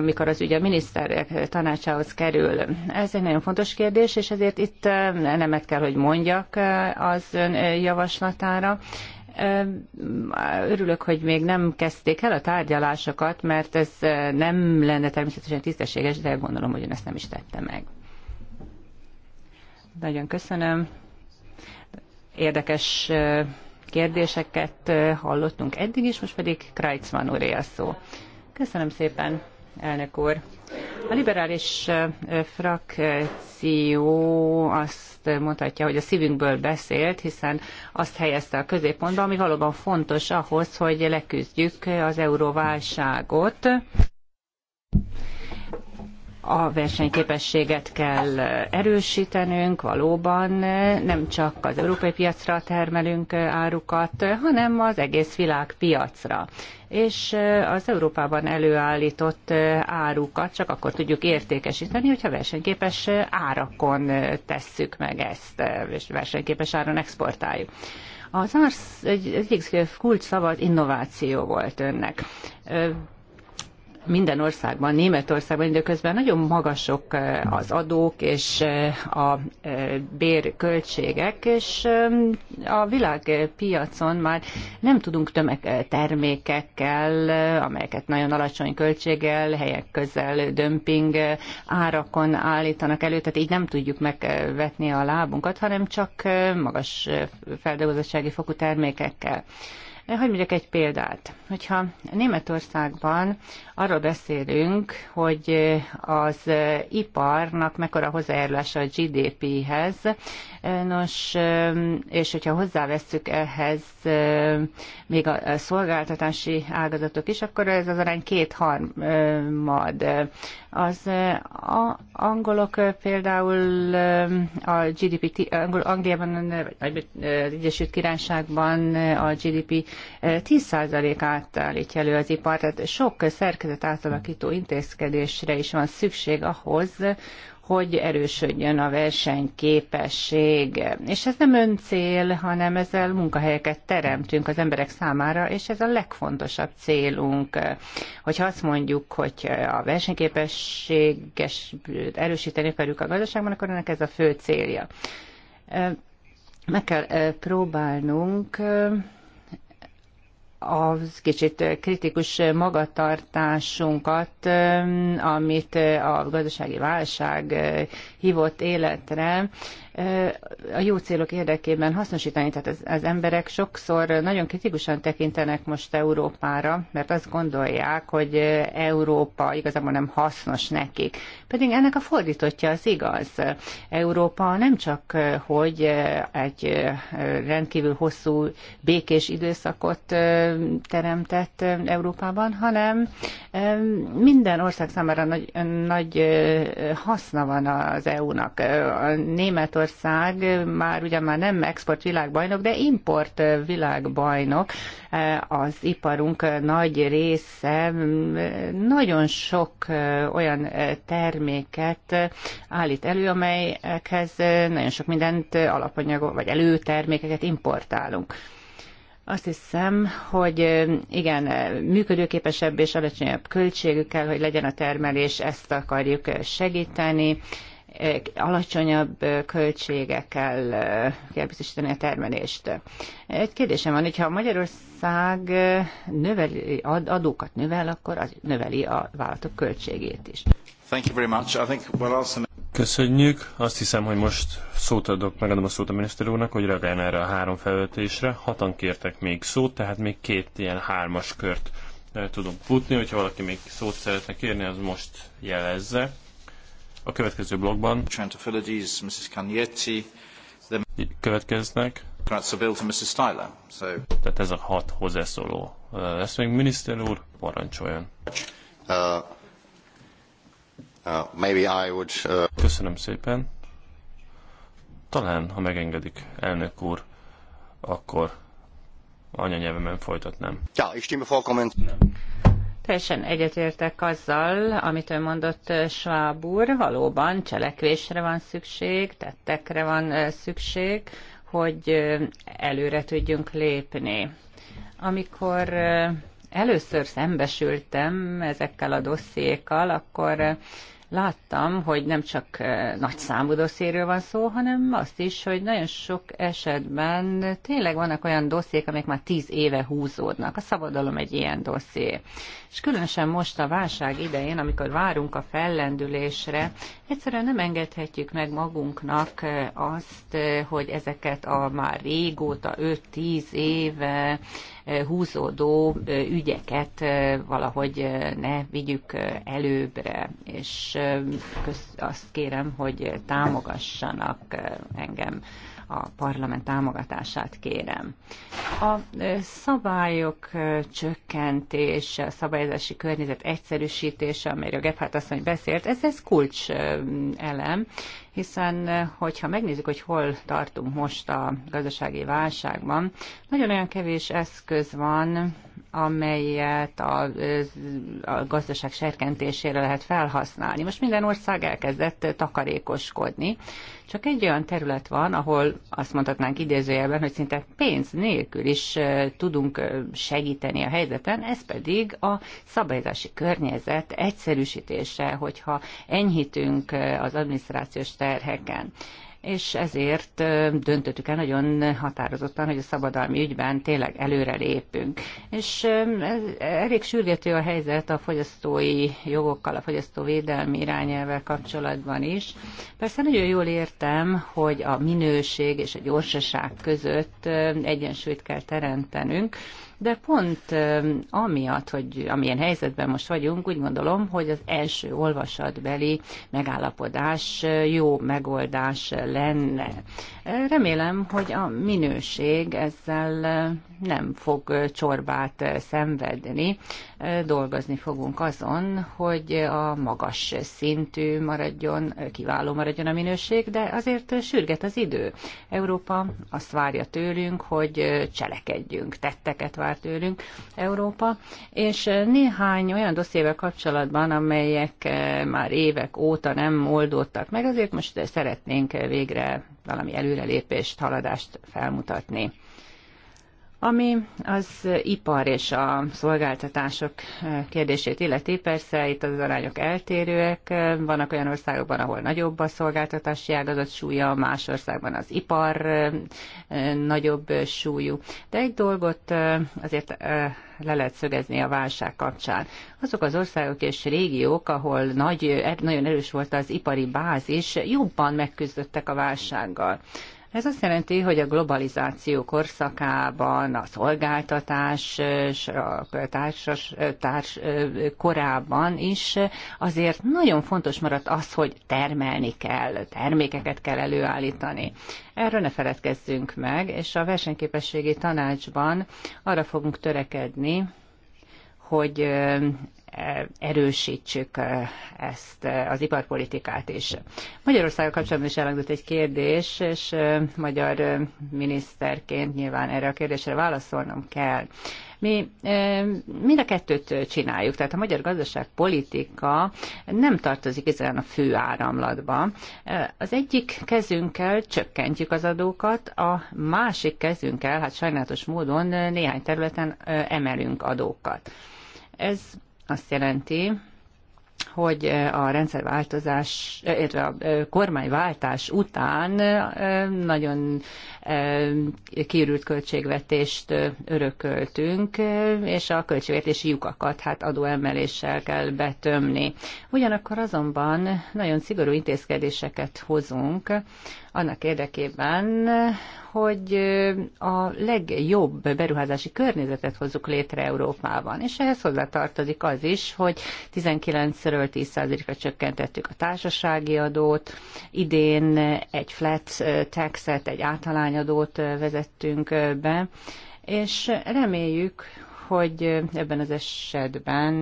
mikor az ügy a miniszterek tanácsához kerül. Ez egy nagyon fontos kérdés, és ezért itt eh, nemet kell, hogy mondjak eh, az ön eh, javaslatára. Örülök, hogy még nem kezdték el a tárgyalásokat, mert ez nem lenne természetesen tisztességes, de gondolom, hogy ön ezt nem is tette meg. Nagyon köszönöm érdekes kérdéseket hallottunk eddig is, most pedig Kreitzmann úré a szó. Köszönöm szépen, elnök úr. A liberális frakció azt mondhatja, hogy a szívünkből beszélt, hiszen azt helyezte a középpontba, ami valóban fontos ahhoz, hogy leküzdjük az euróválságot a versenyképességet kell erősítenünk, valóban nem csak az európai piacra termelünk árukat, hanem az egész világ piacra. És az Európában előállított árukat csak akkor tudjuk értékesíteni, hogyha versenyképes árakon tesszük meg ezt, és versenyképes áron exportáljuk. Az ARSZ egy, egyik kulcs szava az innováció volt önnek minden országban, Németországban időközben nagyon magasok eh, az adók és eh, a eh, bérköltségek, és a világpiacon már nem tudunk tömeg termékekkel, amelyeket nagyon alacsony költséggel, helyek közel dömping árakon állítanak elő, tehát így nem tudjuk megvetni a lábunkat, hanem csak magas feldolgozottsági fokú termékekkel. Hogy mondjak egy példát? Hogyha Németországban arról beszélünk, hogy az iparnak mekkora hozzájárulása a GDP-hez, nos, és hogyha hozzáveszük ehhez eh, még a szolgáltatási ágazatok is, akkor ez az arány kétharmad. Az eh, a angolok eh, például a GDP, Angliában, az Egyesült Királyságban a GDP 10%-át állítja elő az ipar, tehát sok szerkezet szerkezet átalakító intézkedésre is van szükség ahhoz, hogy erősödjön a versenyképesség. És ez nem öncél, hanem ezzel munkahelyeket teremtünk az emberek számára, és ez a legfontosabb célunk. Hogyha azt mondjuk, hogy a versenyképességes erősíteni akarjuk a gazdaságban, akkor ennek ez a fő célja. Meg kell eh, próbálnunk eh, az kicsit kritikus magatartásunkat, amit a gazdasági válság hívott életre, a jó célok érdekében hasznosítani. Tehát az, az emberek sokszor nagyon kritikusan tekintenek most Európára, mert azt gondolják, hogy Európa igazából nem hasznos nekik. Pedig ennek a fordítotja az igaz. Európa nem csak, hogy egy rendkívül hosszú békés időszakot teremtett Európában, hanem minden ország számára nagy, nagy haszna van az EU-nak. A Németország Magyarország már ugyan már nem export világbajnok, de import világbajnok. Az iparunk nagy része nagyon sok olyan terméket állít elő, amelyekhez nagyon sok mindent alapanyagot vagy előtermékeket importálunk. Azt hiszem, hogy igen, működőképesebb és alacsonyabb költségű kell, hogy legyen a termelés, ezt akarjuk segíteni, Eh, alacsonyabb eh, költségekkel eh, kell biztosítani a termelést. Egy kérdésem van, hogyha Magyarország növeli, adókat növel, akkor az növeli a vállalatok költségét is. Thank you very much. I think we'll also... Köszönjük. Azt hiszem, hogy most szót adok, megadom a szót a miniszter úrnak, hogy reagáljon erre a három felvetésre. Hatan kértek még szót, tehát még két ilyen hármas kört tudom futni, hogyha valaki még szót szeretne kérni, az most jelezze. A következő blogban Mrs. következnek. Mrs. Tehát ez a hat hozzászóló lesz még miniszter úr, parancsoljon. Uh, uh, maybe I would, uh, Köszönöm szépen. Talán, ha megengedik, elnök úr, akkor anyanyelvemen folytatnám. Ja, ich stimme vollkommen. Teljesen egyetértek azzal, amit ön mondott, eh, Schwab úr, valóban cselekvésre van szükség, tettekre van eh, szükség, hogy eh, előre tudjunk lépni. Amikor először szembesültem ezekkel a dossziékkal, akkor láttam, hogy nem csak eh, nagy számú dosszéről van szó, hanem azt is, hogy nagyon sok esetben tényleg vannak olyan dossziék, amelyek már tíz éve húzódnak. A szabadalom egy ilyen dosszié. És különösen most a válság idején, amikor várunk a fellendülésre, egyszerűen nem engedhetjük meg magunknak eh, azt, eh, hogy ezeket a már régóta 5-10 éve húzódó ügyeket valahogy ne vigyük előbbre, és azt kérem, hogy támogassanak engem a parlament támogatását kérem. A szabályok csökkentése, a szabályozási környezet egyszerűsítése, amiről Gebhardt asszony beszélt, ez, ez kulcs elem, hiszen hogyha megnézzük, hogy hol tartunk most a gazdasági válságban, nagyon olyan kevés eszköz van, amelyet a, a gazdaság serkentésére lehet felhasználni. Most minden ország elkezdett takarékoskodni, csak egy olyan terület van, ahol azt mondhatnánk idézőjelben, hogy szinte pénz nélkül is tudunk segíteni a helyzeten, ez pedig a szabályozási környezet egyszerűsítése, hogyha enyhítünk az adminisztrációs terheken és ezért döntöttük el nagyon határozottan, hogy a szabadalmi ügyben tényleg előre lépünk. És elég sürgető a helyzet a fogyasztói jogokkal, a fogyasztóvédelmi irányelvel kapcsolatban is. Persze nagyon jól értem, hogy a minőség és a gyorsaság között egyensúlyt kell teremtenünk, de pont amiatt, hogy amilyen helyzetben most vagyunk, úgy gondolom, hogy az első olvasatbeli megállapodás jó megoldás lenne. Remélem, hogy a minőség ezzel nem fog csorbát szenvedni. Dolgozni fogunk azon, hogy a magas szintű maradjon, kiváló maradjon a minőség, de azért sürget az idő. Európa azt várja tőlünk, hogy cselekedjünk, tetteket várjunk vár tőlünk Európa, és eh, néhány olyan dossziével kapcsolatban, amelyek eh, már évek óta nem oldódtak meg, azért most szeretnénk eh, végre valami előrelépést, haladást felmutatni. Ami az ipar és a szolgáltatások eh, kérdését illeti, persze itt az arányok eltérőek, eh, vannak olyan országokban, ahol nagyobb a szolgáltatási ágazat súlya, más országban az ipar eh, nagyobb súlyú. De egy dolgot azért le lehet szögezni a válság kapcsán. Azok az országok és régiók, ahol nagy, nagyon erős volt az ipari bázis, jobban megküzdöttek a válsággal. Ez azt jelenti, hogy a globalizáció korszakában, a szolgáltatás társas, társ, korában is azért nagyon fontos maradt az, hogy termelni kell, termékeket kell előállítani. Erről ne feledkezzünk meg, és a versenyképességi tanácsban arra fogunk törekedni, hogy erősítsük ezt az iparpolitikát is. Magyarországgal kapcsolatban is elhangzott egy kérdés, és magyar miniszterként nyilván erre a kérdésre válaszolnom kell. Mi mind a kettőt csináljuk, tehát a magyar gazdaságpolitika nem tartozik ezen a fő áramlatba. Az egyik kezünkkel csökkentjük az adókat, a másik kezünkkel, hát sajnálatos módon néhány területen emelünk adókat. Ez azt jelenti, hogy a rendszerváltozás, illetve a kormányváltás után nagyon kiürült költségvetést örököltünk, és a költségvetési lyukakat hát adóemeléssel kell betömni. Ugyanakkor azonban nagyon szigorú intézkedéseket hozunk, annak érdekében, hogy a legjobb beruházási környezetet hozzuk létre Európában. És ehhez hozzátartozik az is, hogy 19-ről 10%-ra csökkentettük a társasági adót, idén egy flat taxet, egy általányadót vezettünk be, és reméljük, hogy ebben az esetben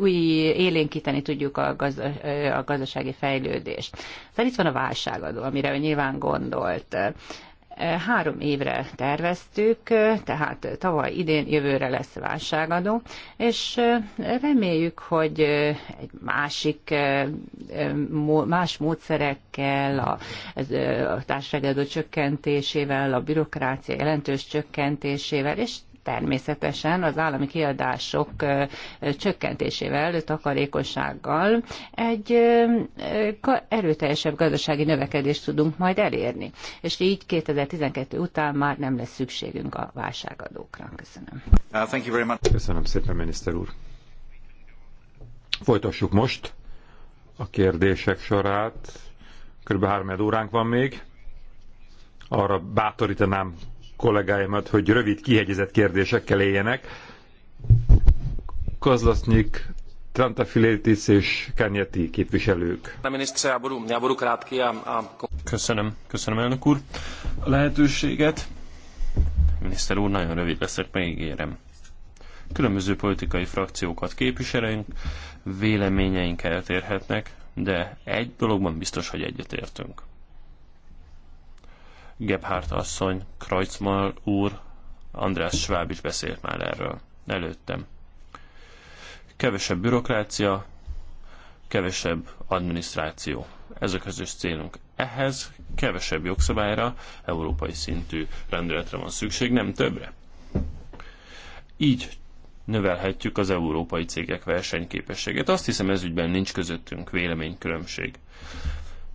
új élénkíteni tudjuk a, gaz, a gazdasági fejlődést. Szóval itt van a válságadó, amire ő nyilván gondolt. Három évre terveztük, tehát tavaly idén jövőre lesz válságadó, és reméljük, hogy egy másik, más módszerekkel, a, a társadalmi csökkentésével, a bürokrácia jelentős csökkentésével, és természetesen az állami kiadások csökkentésével, takarékossággal egy erőteljesebb gazdasági növekedést tudunk majd elérni. És így 2012 után már nem lesz szükségünk a válságadókra. Köszönöm. Uh, thank you very much. Köszönöm szépen, miniszter úr. Folytassuk most a kérdések sorát. Körülbelül három óránk van még. Arra bátorítanám kollégáimat, hogy rövid, kihegyezett kérdésekkel éljenek. Kozlasznyik, Trantafilétis és Kanyeti képviselők. Köszönöm, köszönöm elnök úr a lehetőséget. Miniszter úr, nagyon rövid leszek, megígérem. Különböző politikai frakciókat képviselünk, véleményeink eltérhetnek, de egy dologban biztos, hogy egyetértünk. Gebhardt asszony, Kreutzmann úr, András Schwab is beszélt már erről előttem. Kevesebb bürokrácia, kevesebb adminisztráció. Ez a közös célunk. Ehhez kevesebb jogszabályra, európai szintű rendeletre van szükség, nem többre. Így növelhetjük az európai cégek versenyképességét. Azt hiszem ez ügyben nincs közöttünk véleménykülönbség.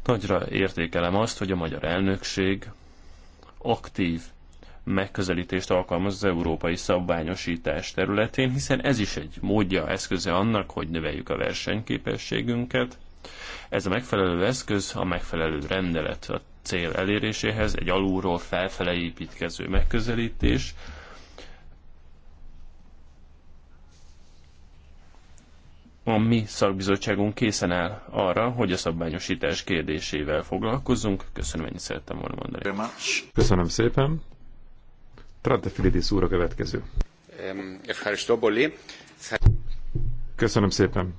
Nagyra értékelem azt, hogy a magyar elnökség aktív megközelítést alkalmaz az európai szabványosítás területén, hiszen ez is egy módja, eszköze annak, hogy növeljük a versenyképességünket. Ez a megfelelő eszköz a megfelelő rendelet a cél eléréséhez, egy alulról felfele építkező megközelítés, a mi szakbizottságunk készen áll arra, hogy a szabványosítás kérdésével foglalkozzunk. Köszönöm, ennyit szerettem volna mondani. Köszönöm szépen. Filidis úr a következő. Köszönöm szépen,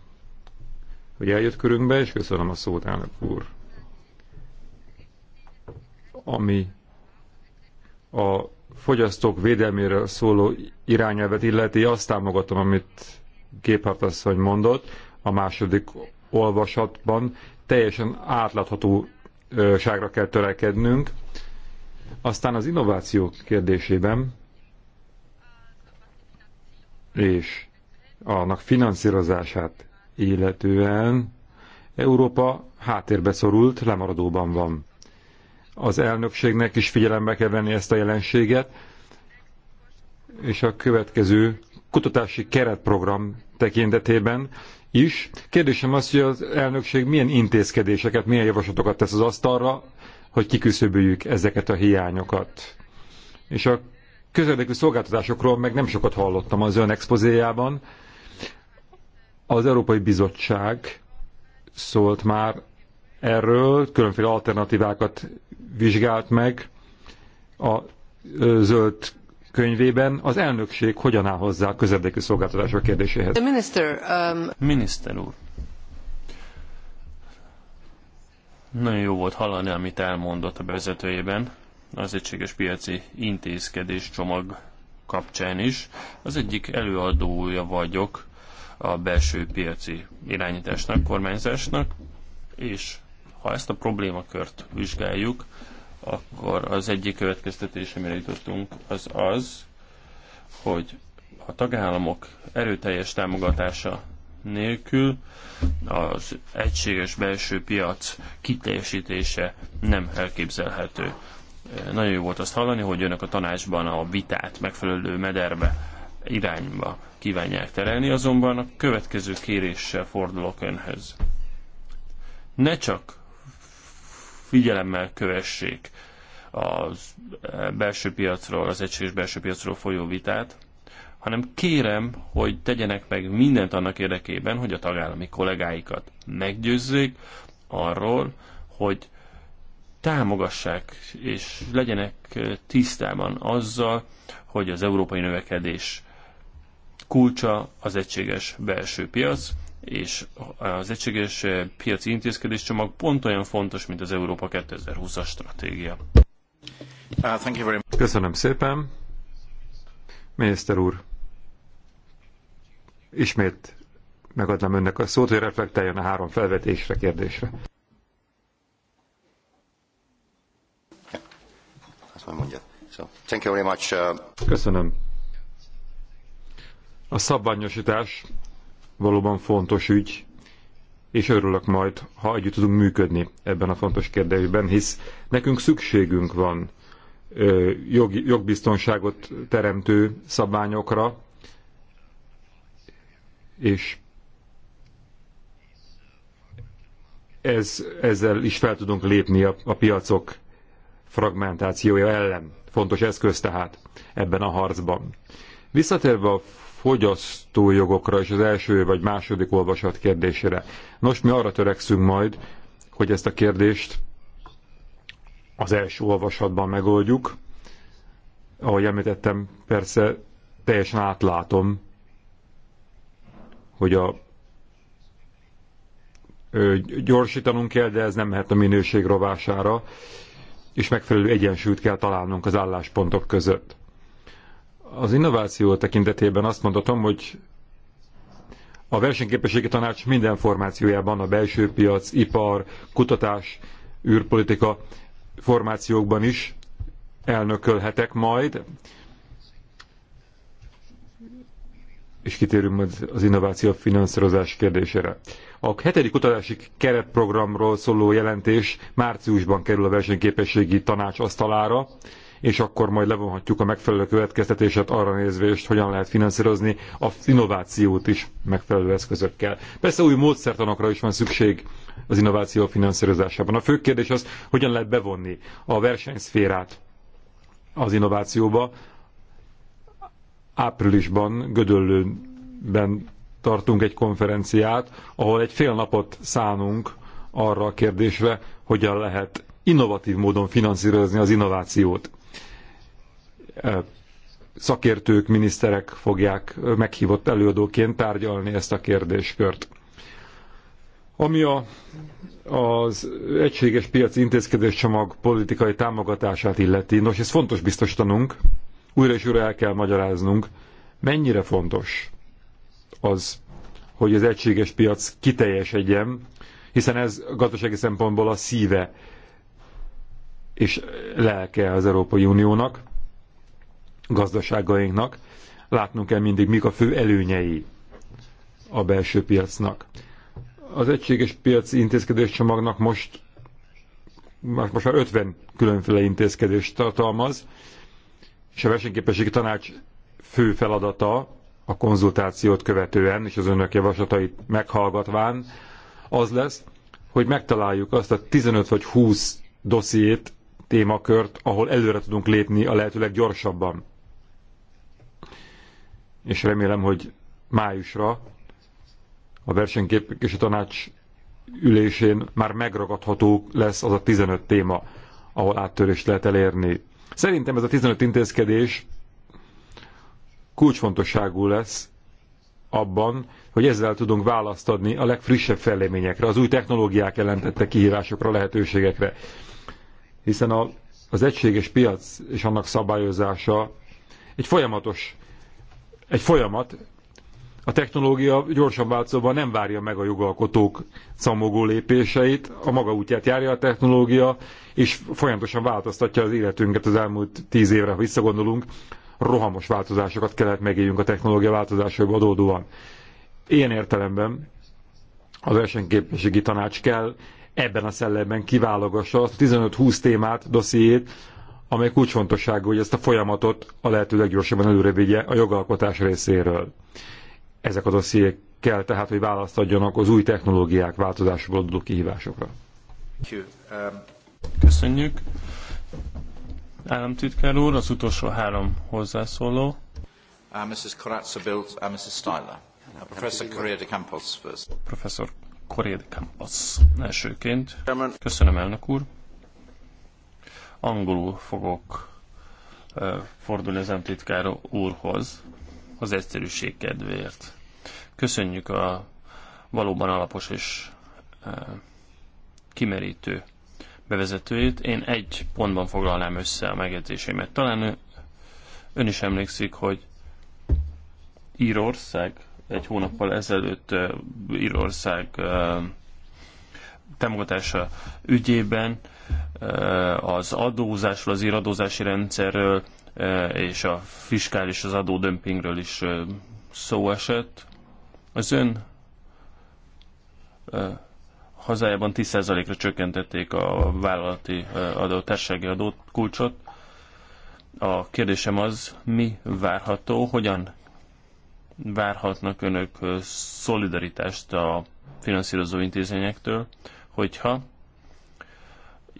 hogy eljött körünkbe, és köszönöm a szót, elnök úr. Ami a fogyasztók védelmére szóló irányelvet illeti, azt támogatom, amit asszony mondott, a második olvasatban teljesen átláthatóságra kell törekednünk. Aztán az innováció kérdésében és annak finanszírozását illetően Európa háttérbe szorult, lemaradóban van. Az elnökségnek is figyelembe kell venni ezt a jelenséget, és a következő kutatási keretprogram tekintetében is. Kérdésem az, hogy az elnökség milyen intézkedéseket, milyen javaslatokat tesz az asztalra, hogy kiküszöböljük ezeket a hiányokat. És a közérdekű szolgáltatásokról meg nem sokat hallottam az ön expozéjában. Az Európai Bizottság szólt már erről, különféle alternatívákat vizsgált meg a zöld könyvében az elnökség hogyan áll hozzá a közérdekű szolgáltatások kérdéséhez? minister, um... Miniszter úr. Nagyon jó volt hallani, amit elmondott a bevezetőjében az egységes piaci intézkedés csomag kapcsán is. Az egyik előadója vagyok a belső piaci irányításnak, kormányzásnak, és ha ezt a problémakört vizsgáljuk, akkor az egyik következtetés, amire jutottunk, az az, hogy a tagállamok erőteljes támogatása nélkül az egységes belső piac kiteljesítése nem elképzelhető. Nagyon jó volt azt hallani, hogy önök a tanácsban a vitát megfelelő mederbe irányba kívánják terelni, azonban a következő kéréssel fordulok önhöz. Ne csak figyelemmel kövessék a e, belső piacról, az egységes belső piacról folyó vitát, hanem kérem, hogy tegyenek meg mindent annak érdekében, hogy a tagállami kollégáikat meggyőzzék arról, hogy támogassák és legyenek e, tisztában azzal, hogy az európai növekedés kulcsa az egységes belső piac, és az egységes eh, piaci intézkedés, csomag pont olyan fontos, mint az Európa 2020-as stratégia. Uh, Köszönöm szépen. Miniszter úr, ismét megadnám önnek a szót, hogy reflektáljon a három felvetésre, kérdésre. Uh, Köszönöm. A szabványosítás valóban fontos ügy, és örülök majd, ha együtt tudunk működni ebben a fontos kérdésben, hisz nekünk szükségünk van jogi, jogbiztonságot teremtő szabványokra, és ez, ezzel is fel tudunk lépni a, a piacok fragmentációja ellen. Fontos eszköz tehát ebben a harcban. Visszatérve a fogyasztójogokra és az első vagy második olvasat kérdésére. Nos, mi arra törekszünk majd, hogy ezt a kérdést az első olvasatban megoldjuk. Ahogy említettem, persze teljesen átlátom, hogy a gyorsítanunk kell, de ez nem mehet a minőség rovására, és megfelelő egyensúlyt kell találnunk az álláspontok között. Az innováció tekintetében azt mondhatom, hogy a versenyképességi tanács minden formációjában, a belső piac, ipar, kutatás, űrpolitika formációkban is elnökölhetek majd, és kitérünk majd az innováció finanszírozás kérdésére. A hetedik kutatási keretprogramról szóló jelentés márciusban kerül a versenyképességi tanács asztalára, és akkor majd levonhatjuk a megfelelő következtetéset arra nézvést, hogyan lehet finanszírozni az innovációt is megfelelő eszközökkel. Persze új módszertanokra is van szükség az innováció finanszírozásában. A fő kérdés az, hogyan lehet bevonni a versenyszférát az innovációba. Áprilisban Gödöllőben tartunk egy konferenciát, ahol egy fél napot szánunk arra a kérdésre, hogyan lehet innovatív módon finanszírozni az innovációt szakértők, miniszterek fogják meghívott előadóként tárgyalni ezt a kérdéskört. Ami a, az egységes piaci intézkedés csomag politikai támogatását illeti, nos, ez fontos biztosítanunk, újra és újra el kell magyaráznunk, mennyire fontos az, hogy az egységes piac kiteljesedjen, hiszen ez gazdasági szempontból a szíve és lelke az Európai Uniónak gazdaságainknak. Látnunk kell mindig, mik a fő előnyei a belső piacnak. Az egységes piaci intézkedés csomagnak most most már 50 különféle intézkedést tartalmaz, és a versenyképességi tanács fő feladata a konzultációt követően, és az önök javaslatait meghallgatván az lesz, hogy megtaláljuk azt a 15 vagy 20 dossziét, témakört, ahol előre tudunk lépni a lehető leggyorsabban és remélem, hogy májusra a versenyképviselési tanács ülésén már megragadható lesz az a 15 téma, ahol áttörést lehet elérni. Szerintem ez a 15 intézkedés kulcsfontosságú lesz abban, hogy ezzel tudunk választ adni a legfrissebb fejleményekre, az új technológiák jelentette kihívásokra, lehetőségekre. Hiszen a, az egységes piac és annak szabályozása egy folyamatos egy folyamat, a technológia gyorsan változóban nem várja meg a jogalkotók szamogó lépéseit, a maga útját járja a technológia, és folyamatosan változtatja az életünket az elmúlt tíz évre, ha visszagondolunk, rohamos változásokat kellett megéljünk a technológia változásaiból adódóan. Ilyen értelemben a versenyképességi tanács kell ebben a szellemben kiválogassa azt 15-20 témát, dossziét, amely kulcsfontosságú, hogy ezt a folyamatot a lehető leggyorsabban vigye a jogalkotás részéről. Ezek a dossziék kell tehát, hogy választ adjanak az új technológiák változásból adódó kihívásokra. Um, Köszönjük. Államtitkár úr, az utolsó három hozzászóló. Uh, Mrs. Corazza Bilt, uh, Mrs. Styler. Uh, Professor Correa de Campos first. Professor Correa de Campos elsőként. Köszönöm, elnök úr angolul fogok fordulni az emtitkár úrhoz az egyszerűség kedvéért. Köszönjük a valóban alapos és kimerítő bevezetőjét. Én egy pontban foglalnám össze a megjegyzéseimet. Talán ön is emlékszik, hogy Írország egy hónappal ezelőtt Írország támogatása ügyében az adózásról, az iradózási rendszerről e, és a fiskális, az adódömpingről is e, szó esett. Az ön e, hazájában 10%-ra csökkentették a vállalati adó, társasági adót, kulcsot. A kérdésem az, mi várható, hogyan várhatnak önök szolidaritást a finanszírozó intézményektől, hogyha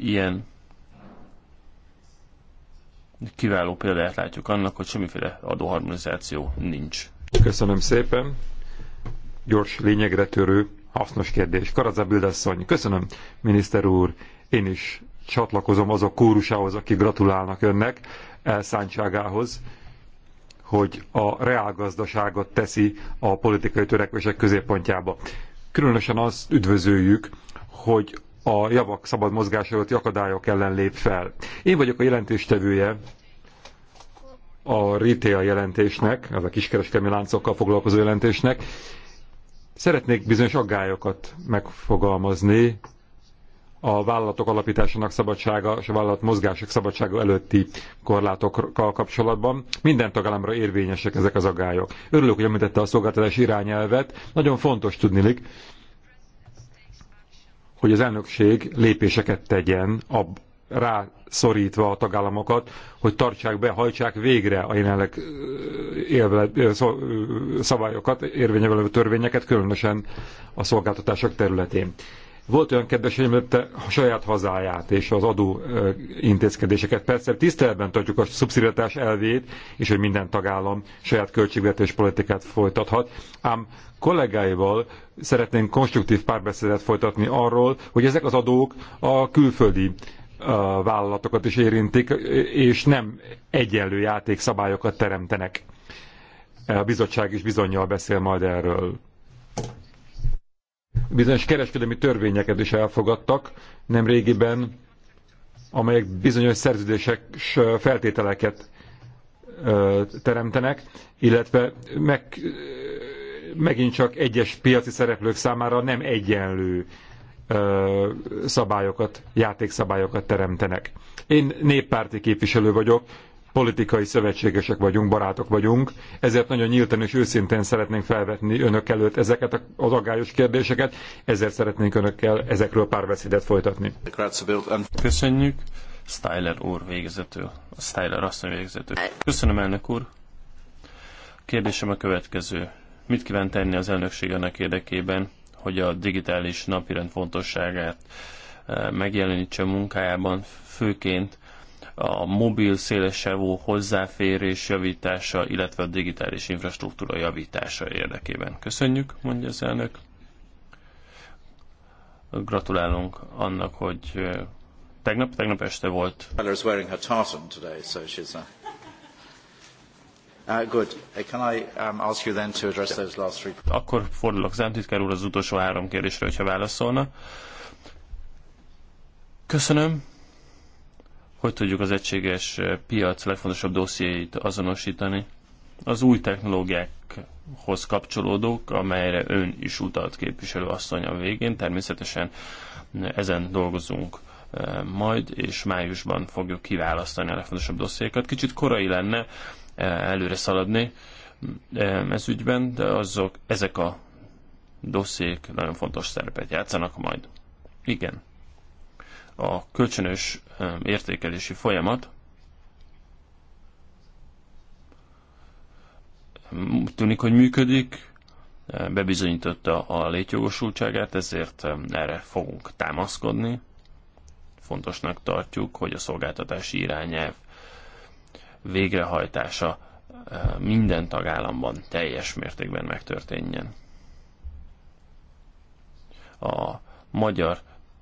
ilyen kiváló példát látjuk annak, hogy semmiféle adóharmonizáció nincs. Köszönöm szépen. Gyors, lényegre törő, hasznos kérdés. Karadza Bildasszony, köszönöm, miniszter úr. Én is csatlakozom azok kórusához, akik gratulálnak önnek elszántságához, hogy a reálgazdaságot teszi a politikai törekvések középpontjába. Különösen azt üdvözöljük, hogy a javak szabad mozgása előtti akadályok ellen lép fel. Én vagyok a jelentéstevője a retail jelentésnek, az a kiskereskedelmi láncokkal foglalkozó jelentésnek. Szeretnék bizonyos aggályokat megfogalmazni a vállalatok alapításának szabadsága és a vállalat mozgások szabadsága előtti korlátokkal kapcsolatban. Minden tagállamra érvényesek ezek az aggályok. Örülök, hogy említette a szolgáltatás irányelvet. Nagyon fontos tudnilik, hogy az elnökség lépéseket tegyen, ab, rászorítva a tagállamokat, hogy tartsák be, hajtsák végre a jelenleg szabályokat, érvényevelő törvényeket, különösen a szolgáltatások területén. Volt olyan kedves, hogy a saját hazáját és az adó intézkedéseket. Persze tiszteletben tartjuk a szubszidiatás elvét, és hogy minden tagállam saját költségvetés politikát folytathat, ám kollégáival szeretnénk konstruktív párbeszédet folytatni arról, hogy ezek az adók a külföldi vállalatokat is érintik, és nem egyenlő játékszabályokat teremtenek. A bizottság is bizonyal beszél majd erről bizonyos kereskedelmi törvényeket is elfogadtak nem régiben, amelyek bizonyos szerződések feltételeket teremtenek, illetve meg, megint csak egyes piaci szereplők számára nem egyenlő szabályokat, játékszabályokat teremtenek. Én néppárti képviselő vagyok, politikai szövetségesek vagyunk, barátok vagyunk, ezért nagyon nyíltan és őszintén szeretnénk felvetni önök előtt ezeket az aggályos kérdéseket, ezért szeretnénk önökkel ezekről párbeszédet folytatni. Köszönjük. Styler úr végezetül. Styler asszony végezetül. Köszönöm, elnök úr. Kérdésem a következő. Mit kíván tenni az elnökség annak érdekében, hogy a digitális napirend fontosságát eh, megjelenítse a munkájában, főként a mobil szélesávú hozzáférés javítása, illetve a digitális infrastruktúra javítása érdekében. Köszönjük, mondja az elnök. Gratulálunk annak, hogy tegnap, tegnap este volt. Uh, uh, uh, um, Akkor fordulok Zántitkár úr az utolsó három kérdésre, hogyha válaszolna. Köszönöm hogy tudjuk az egységes piac legfontosabb dossziéit azonosítani? Az új technológiákhoz kapcsolódók, amelyre ön is utalt képviselő asszony a végén, természetesen ezen dolgozunk eh, majd, és májusban fogjuk kiválasztani a legfontosabb dossziékat. Kicsit korai lenne eh, előre szaladni eh, ez ügyben, de azok, ezek a dossziék nagyon fontos szerepet játszanak majd. Igen a kölcsönös értékelési folyamat tűnik, hogy működik, bebizonyította a létjogosultságát, ezért erre fogunk támaszkodni. Fontosnak tartjuk, hogy a szolgáltatási irányelv végrehajtása minden tagállamban teljes mértékben megtörténjen. A magyar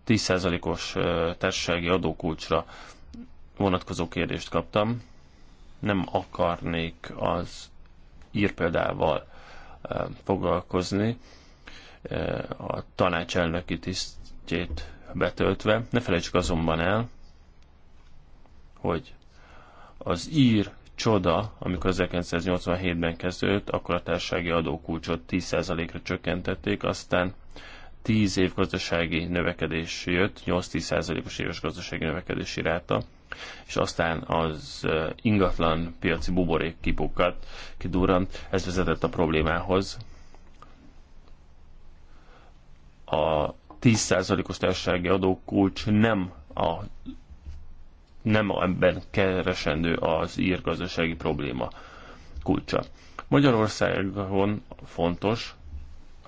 10%-os társasági adókulcsra vonatkozó kérdést kaptam. Nem akarnék az ír példával foglalkozni a tanácselnöki tisztjét betöltve. Ne felejtsük azonban el, hogy az ír csoda, amikor 1987-ben kezdődött, akkor a társasági adókulcsot 10%-ra csökkentették, aztán 10 év gazdasági növekedés jött, 8-10 os éves gazdasági növekedési ráta, és aztán az ingatlan piaci buborék kipukkat kidurrant, ez vezetett a problémához. A 10%-os társasági adókulcs nem a nem ebben keresendő az ír gazdasági probléma kulcsa. Magyarországon fontos,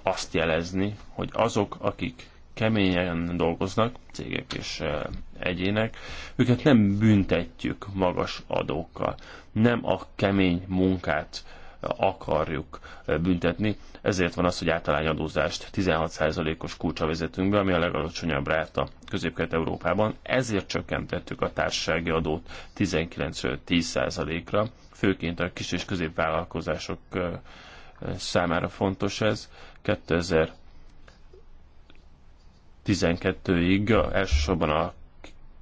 azt jelezni, hogy azok, akik keményen dolgoznak, cégek és eh, egyének, őket nem büntetjük magas adókkal. Nem a kemény munkát eh, akarjuk eh, büntetni. Ezért van az, hogy általányadózást 16%-os kulcsa vezetünk be, ami a legalacsonyabb ráta Közép-Kelet-Európában. Ezért csökkentettük a társasági adót 19-10%-ra. Főként a kis és középvállalkozások számára fontos ez 2012-ig, elsősorban a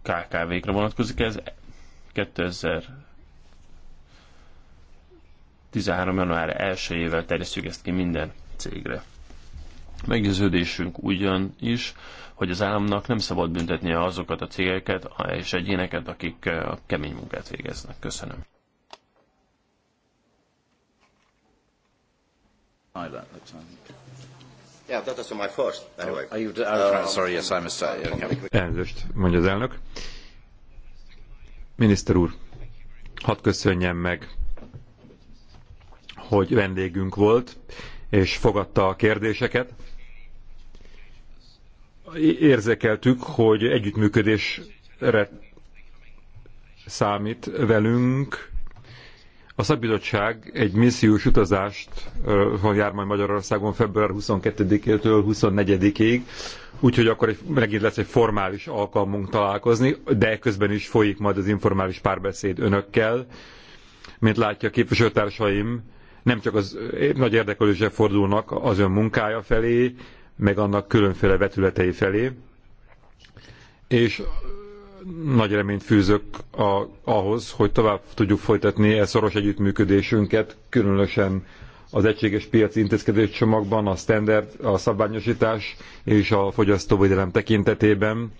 KKV-kra vonatkozik ez, 2013 január 1-ével terjesztjük ezt ki minden cégre. Meggyőződésünk ugyanis, hogy az államnak nem szabad büntetnie azokat a cégeket és egyéneket, akik eh, a kemény munkát végeznek. Köszönöm. Hi, that looks like... Yeah, oh, oh, um, sorry, yes, I Elnöst, mondja az elnök. Miniszter úr, hadd köszönjem meg, hogy vendégünk volt, és fogadta a kérdéseket. Érzekeltük, hogy együttműködésre számít velünk, a szakbizottság egy missziós utazást jár majd Magyarországon február 22-től 24-ig, úgyhogy akkor egy, megint lesz egy formális alkalmunk találkozni, de közben is folyik majd az informális párbeszéd önökkel. Mint látja a képviselőtársaim, nem csak az nagy érdeklődésre fordulnak az ön munkája felé, meg annak különféle vetületei felé, és nagy reményt fűzök a, ahhoz, hogy tovább tudjuk folytatni e szoros együttműködésünket, különösen az egységes piaci intézkedés csomagban, a standard, a szabványosítás és a fogyasztóvédelem tekintetében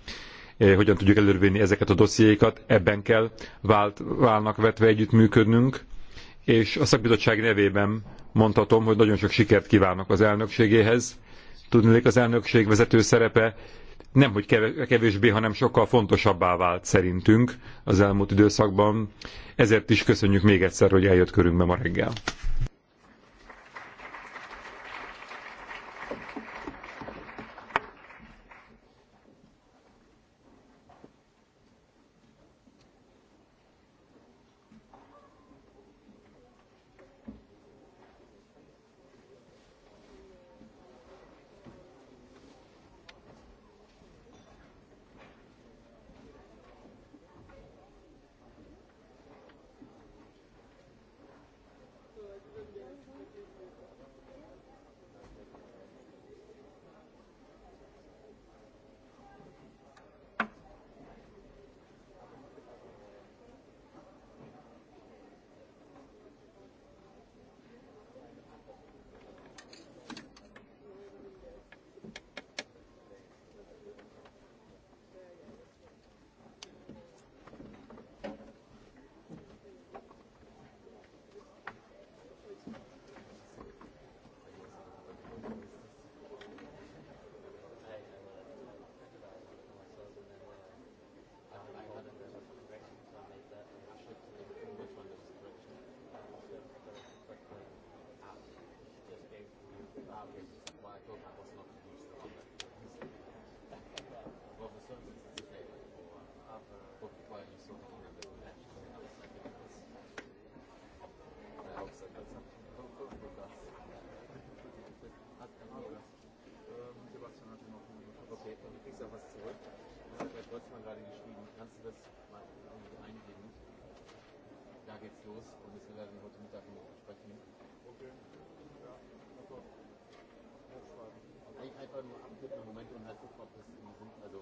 e, hogyan tudjuk elővinni ezeket a dossziékat, ebben kell vált, válnak vetve együttműködnünk, és a szakbizottság nevében mondhatom, hogy nagyon sok sikert kívánok az elnökségéhez. Tudnék az elnökség vezető szerepe nem hogy kevésbé, hanem sokkal fontosabbá vált szerintünk az elmúlt időszakban. Ezért is köszönjük még egyszer, hogy eljött körünkbe ma reggel. gerade geschrieben, kannst du das mal irgendwie eingeben? Da geht's los und das werden wir heute Mittag noch sprechen. Okay, ja, also, Eigentlich einfach nur abtippen im Moment und halt gucken, ob das im Sinn, also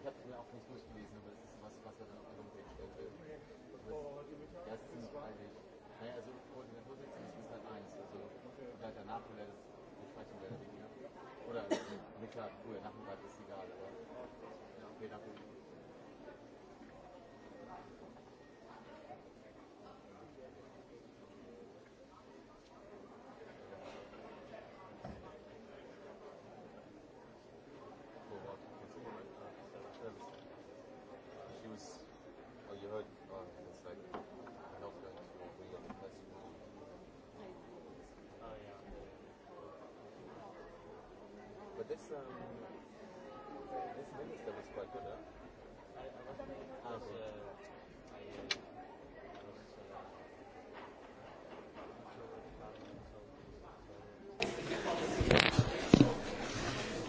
ich habe es mir auch nicht durchgelesen, aber das ist was, was er dann auf der Homepage stellt. Das ist ziemlich eilig. Naja, also Koordinatorsitzung ist halt eins, also okay. halt danach will er das besprechen, mehr oder weniger. Oder, ne früher Nachmittag ist egal, aber ja, okay, danke.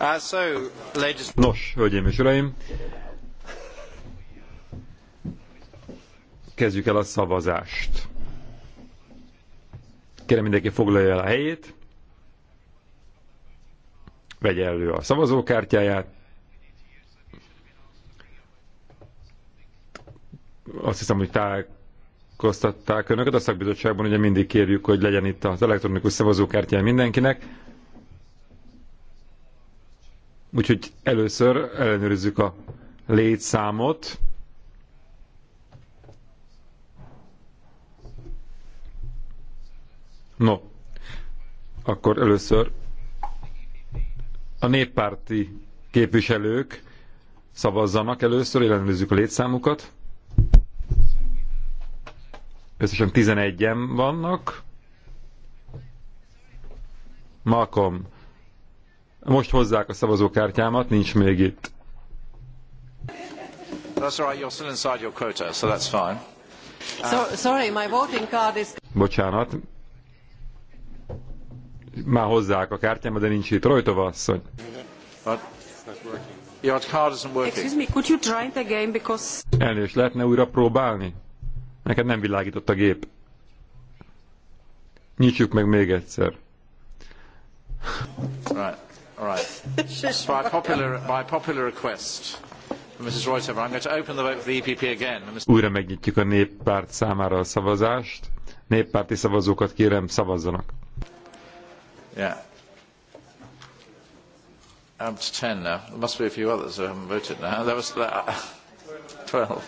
Uh, Nos, hölgyeim és uraim, kezdjük el a szavazást. Kérem mindenki foglalja el a helyét, vegye elő a szavazókártyáját, azt hiszem, hogy tájékoztatták önöket a szakbizottságban, ugye mindig kérjük, hogy legyen itt az elektronikus szavazókártyája mindenkinek, Úgyhogy először ellenőrizzük a létszámot. No, akkor először a néppárti képviselők szavazzanak először, ellenőrizzük a létszámukat. Összesen 11-en vannak. Malcolm, most hozzák a szavazókártyámat, nincs még itt. That's right, you're still inside your quota, so that's fine. So, sorry, my voting card is... Bocsánat. Már hozzák a kártyámat, de nincs itt. Rojtova asszony. Your card isn't working. Excuse me, could you try it again because... Elnézést, lehetne újra próbálni? Neked nem világított a gép. Nyitjuk meg még egyszer by, popular, by popular request. Mrs. Reuter, I'm going to open the vote for the EPP again. Újra megnyitjuk a néppárt számára a szavazást. Néppárti szavazókat kérem, szavazzanak. Yeah. I'm to 10 now. There must be a few others who haven't voted now. There was uh, 12.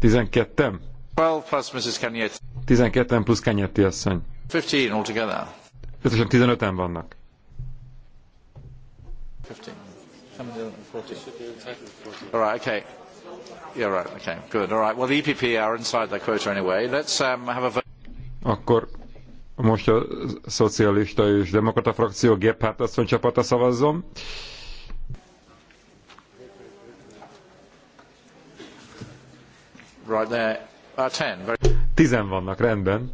12-en? 12 plus Mrs. Cagnetti. 12-en plusz Cagnetti asszony. 15 altogether. Összesen 15-en vannak. 15. All right, okay. Yeah, right, okay, good. All right, well, the EPP are inside their quota anyway. Let's um, have a vote. Akkor most a szocialista és demokrata frakció Gephardt asszony csapata szavazzon. Right there. Uh, ten. Very... Tizen vannak, rendben.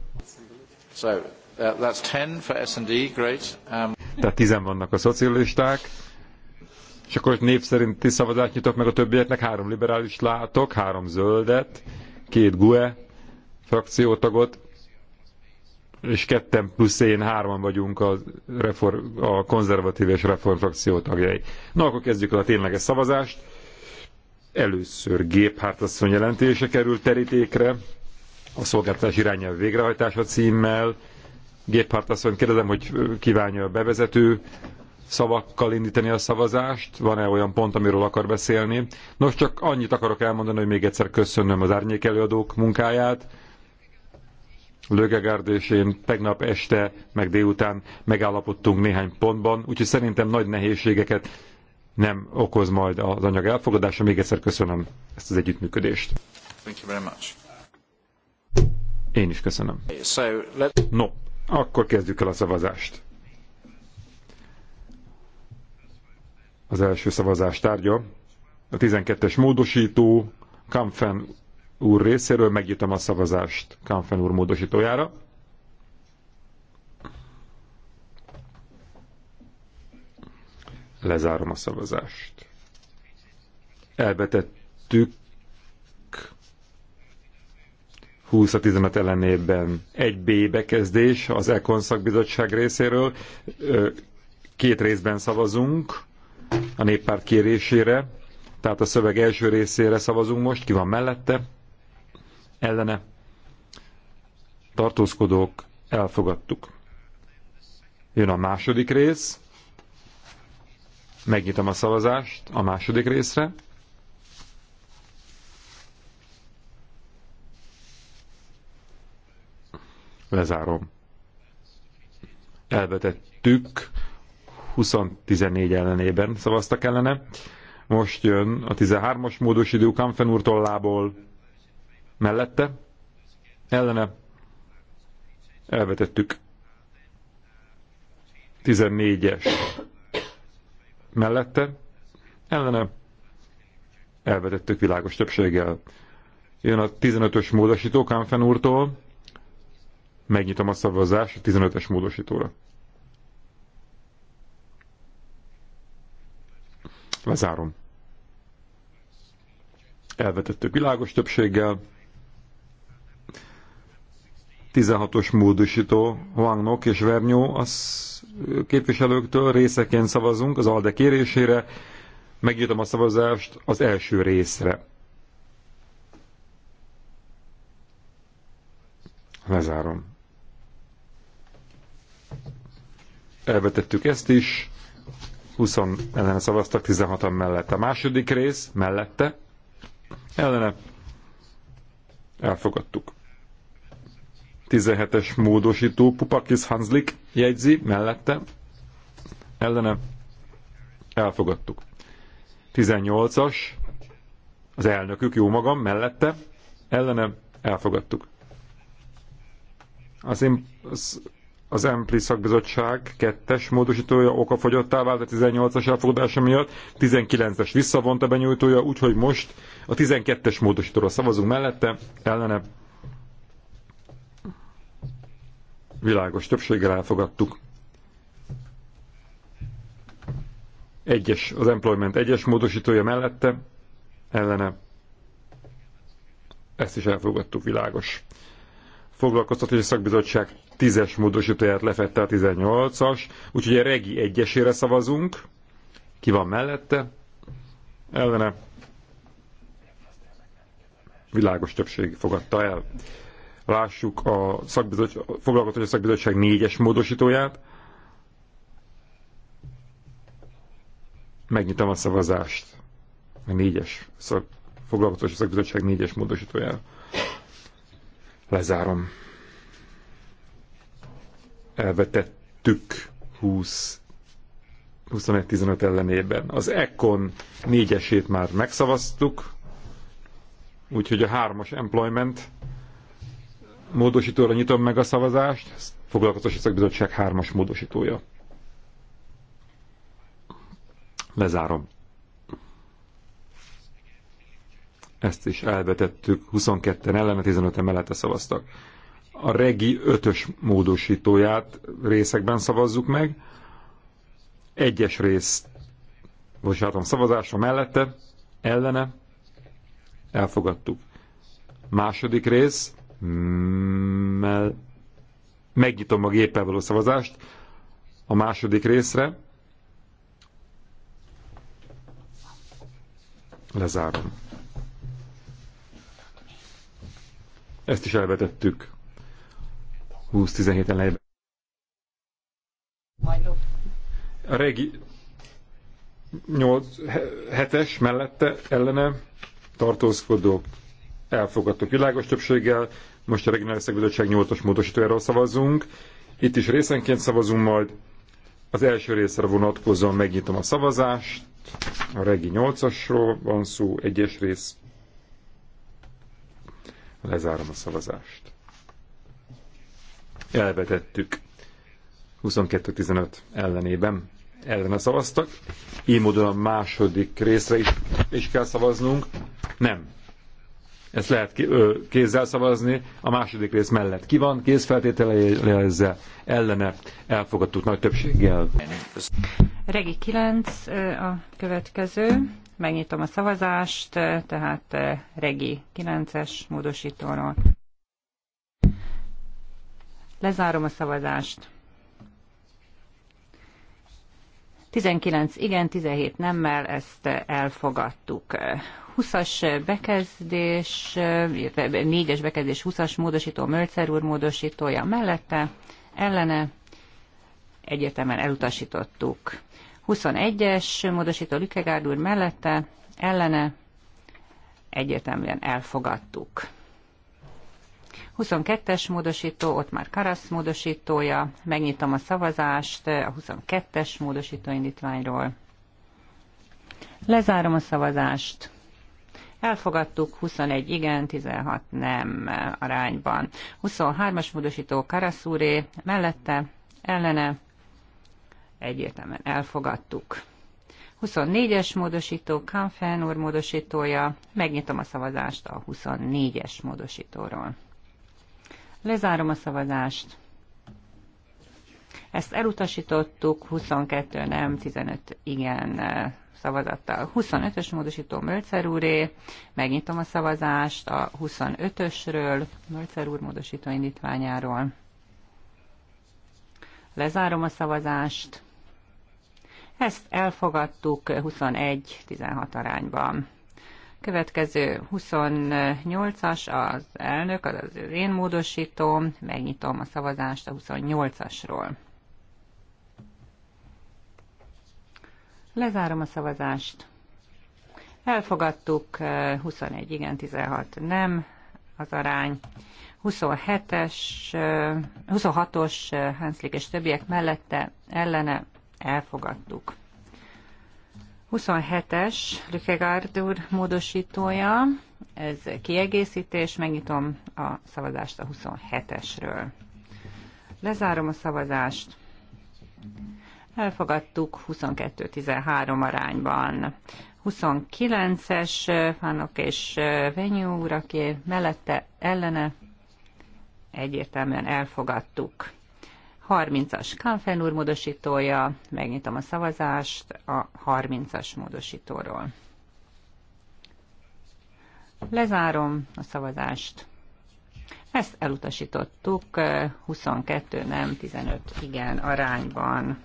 So, uh, that's ten for S&D, great. Um... Tehát tizen vannak a szocialisták és akkor egy név szerinti szavazást nyitok meg a többieknek, három liberális látok, három zöldet, két GUE frakciótagot, és ketten plusz én hárman vagyunk a, reform, a konzervatív és reform frakció tagjai. Na, akkor kezdjük el a tényleges szavazást. Először géphártasszony jelentése kerül terítékre, a szolgáltatás irányelv végrehajtása címmel. Géphártasszony kérdezem, hogy kívánja a bevezető szavakkal indítani a szavazást, van-e olyan pont, amiről akar beszélni. Nos, csak annyit akarok elmondani, hogy még egyszer köszönöm az árnyék előadók munkáját. Lögegárd és én tegnap este, meg délután megállapodtunk néhány pontban, úgyhogy szerintem nagy nehézségeket nem okoz majd az anyag elfogadása. Még egyszer köszönöm ezt az együttműködést. Thank you very much. Én is köszönöm. So, let... No, akkor kezdjük el a szavazást. az első szavazás tárgya. A 12-es módosító Kamfen úr részéről megnyitom a szavazást Kamfen úr módosítójára. Lezárom a szavazást. Elvetettük 20 a 15 ellenében egy B bekezdés az Econ szakbizottság részéről. Két részben szavazunk a néppárt kérésére, tehát a szöveg első részére szavazunk most, ki van mellette, ellene, tartózkodók, elfogadtuk. Jön a második rész, megnyitom a szavazást a második részre, lezárom. Elvetettük 2014 ellenében szavaztak ellene. Most jön a 13-as módosító Kamfen úr tollából mellette, ellene elvetettük 14-es mellette, ellene elvetettük világos többséggel. Jön a 15-ös módosító Kamfen úrtól, megnyitom a szavazást a 15-es módosítóra. Lezárom. Elvetettük világos többséggel. 16-os módosító Huangnok és Vernyó az képviselőktől részeként szavazunk az ALDE kérésére. Megnyitom a szavazást az első részre. Lezárom. Elvetettük ezt is. 20 ellen szavaztak, 16-an mellette. A második rész mellette, ellene elfogadtuk. 17-es módosító Pupakis Hanslik jegyzi mellette, ellene elfogadtuk. 18-as az elnökük, jó magam, mellette, ellene elfogadtuk. Az én az az EMPLI szakbizottság kettes módosítója okafogyottá vált a 18-as elfogadása miatt, 19-es visszavonta benyújtója, úgyhogy most a 12-es módosítóra szavazunk mellette, ellene világos többséggel elfogadtuk. Egyes, az Employment egyes módosítója mellette, ellene ezt is elfogadtuk világos foglalkoztatási szakbizottság tízes es módosítóját lefette a 18-as, úgyhogy a regi egyesére szavazunk. Ki van mellette? Ellene. Világos többség fogadta el. Lássuk a szakbizottság, foglalkoztatási szakbizottság négyes es módosítóját. Megnyitom a szavazást. A négyes. es szak, foglalkoztatási szakbizottság 4-es Lezárom. Elvetettük 20 21-15 ellenében. Az Econ négyesét már megszavaztuk, úgyhogy a hármas employment módosítóra nyitom meg a szavazást, foglalkoztatási szakbizottság hármas módosítója. Lezárom. ezt is elvetettük, 22-en ellene, 15-en mellette szavaztak. A regi 5-ös módosítóját részekben szavazzuk meg, egyes rész, bocsánatom, hát szavazásra mellette, ellene, elfogadtuk. Második rész, mell megnyitom a géppel való szavazást a második részre, lezárom. Ezt is elvetettük 20-17 elejében. A regi 8-7-es mellette ellene tartózkodók elfogadtuk világos többséggel. Most a Regionális Szakbizottság 8-as módosítójáról szavazunk. Itt is részenként szavazunk majd. Az első részre vonatkozóan megnyitom a szavazást. A Regi 8-asról van szó, egyes rész Lezárom a szavazást. Elvetettük. 22-15 ellenében ellene szavaztak. Így módon a második részre is, is kell szavaznunk. Nem. Ezt lehet kézzel szavazni. A második rész mellett ki van, kézfeltétele ezzel ellene elfogadtuk nagy többséggel. Regi 9 a következő megnyitom a szavazást, tehát eh, regi 9-es módosítóról. Lezárom a szavazást. 19 igen, 17 nemmel ezt eh, elfogadtuk. 20-as eh, bekezdés, 4-es bekezdés 20-as módosító, Mölcer úr módosítója mellette, ellene egyértelműen elutasítottuk. 21-es módosító Lükegárd úr mellette, ellene egyértelműen elfogadtuk. 22-es módosító, ott már Karasz módosítója, megnyitom a szavazást a 22-es módosító indítványról. Lezárom a szavazást. Elfogadtuk 21 igen, 16 nem arányban. 23-as módosító Karaszúré mellette, ellene egyértelműen elfogadtuk. 24-es módosító, Kanfen úr módosítója, megnyitom a szavazást a 24-es módosítóról. Lezárom a szavazást. Ezt elutasítottuk, 22 nem, 15 igen eh, szavazattal. 25-ös módosító Mölcer úré, megnyitom a szavazást a 25-ösről, Mölcer úr módosító indítványáról. Lezárom a szavazást. Ezt elfogadtuk 21-16 arányban. Következő 28-as az elnök, az az én módosítom, Megnyitom a szavazást a 28-asról. Lezárom a szavazást. Elfogadtuk 21 eh, igen, 16 nem az arány. 27-es, 26-os eh, eh, Hanslik és többiek mellette ellene elfogadtuk. 27-es Lükegárd úr módosítója, ez kiegészítés, megnyitom a szavazást a 27-esről. Lezárom a szavazást. Elfogadtuk 22-13 arányban. 29-es Fánok és Venyú úr, aki mellette ellene egyértelműen elfogadtuk. 30-as Kánfen úr módosítója, megnyitom a szavazást a 30-as módosítóról. Lezárom a szavazást. Ezt elutasítottuk 22 nem, 15 igen arányban.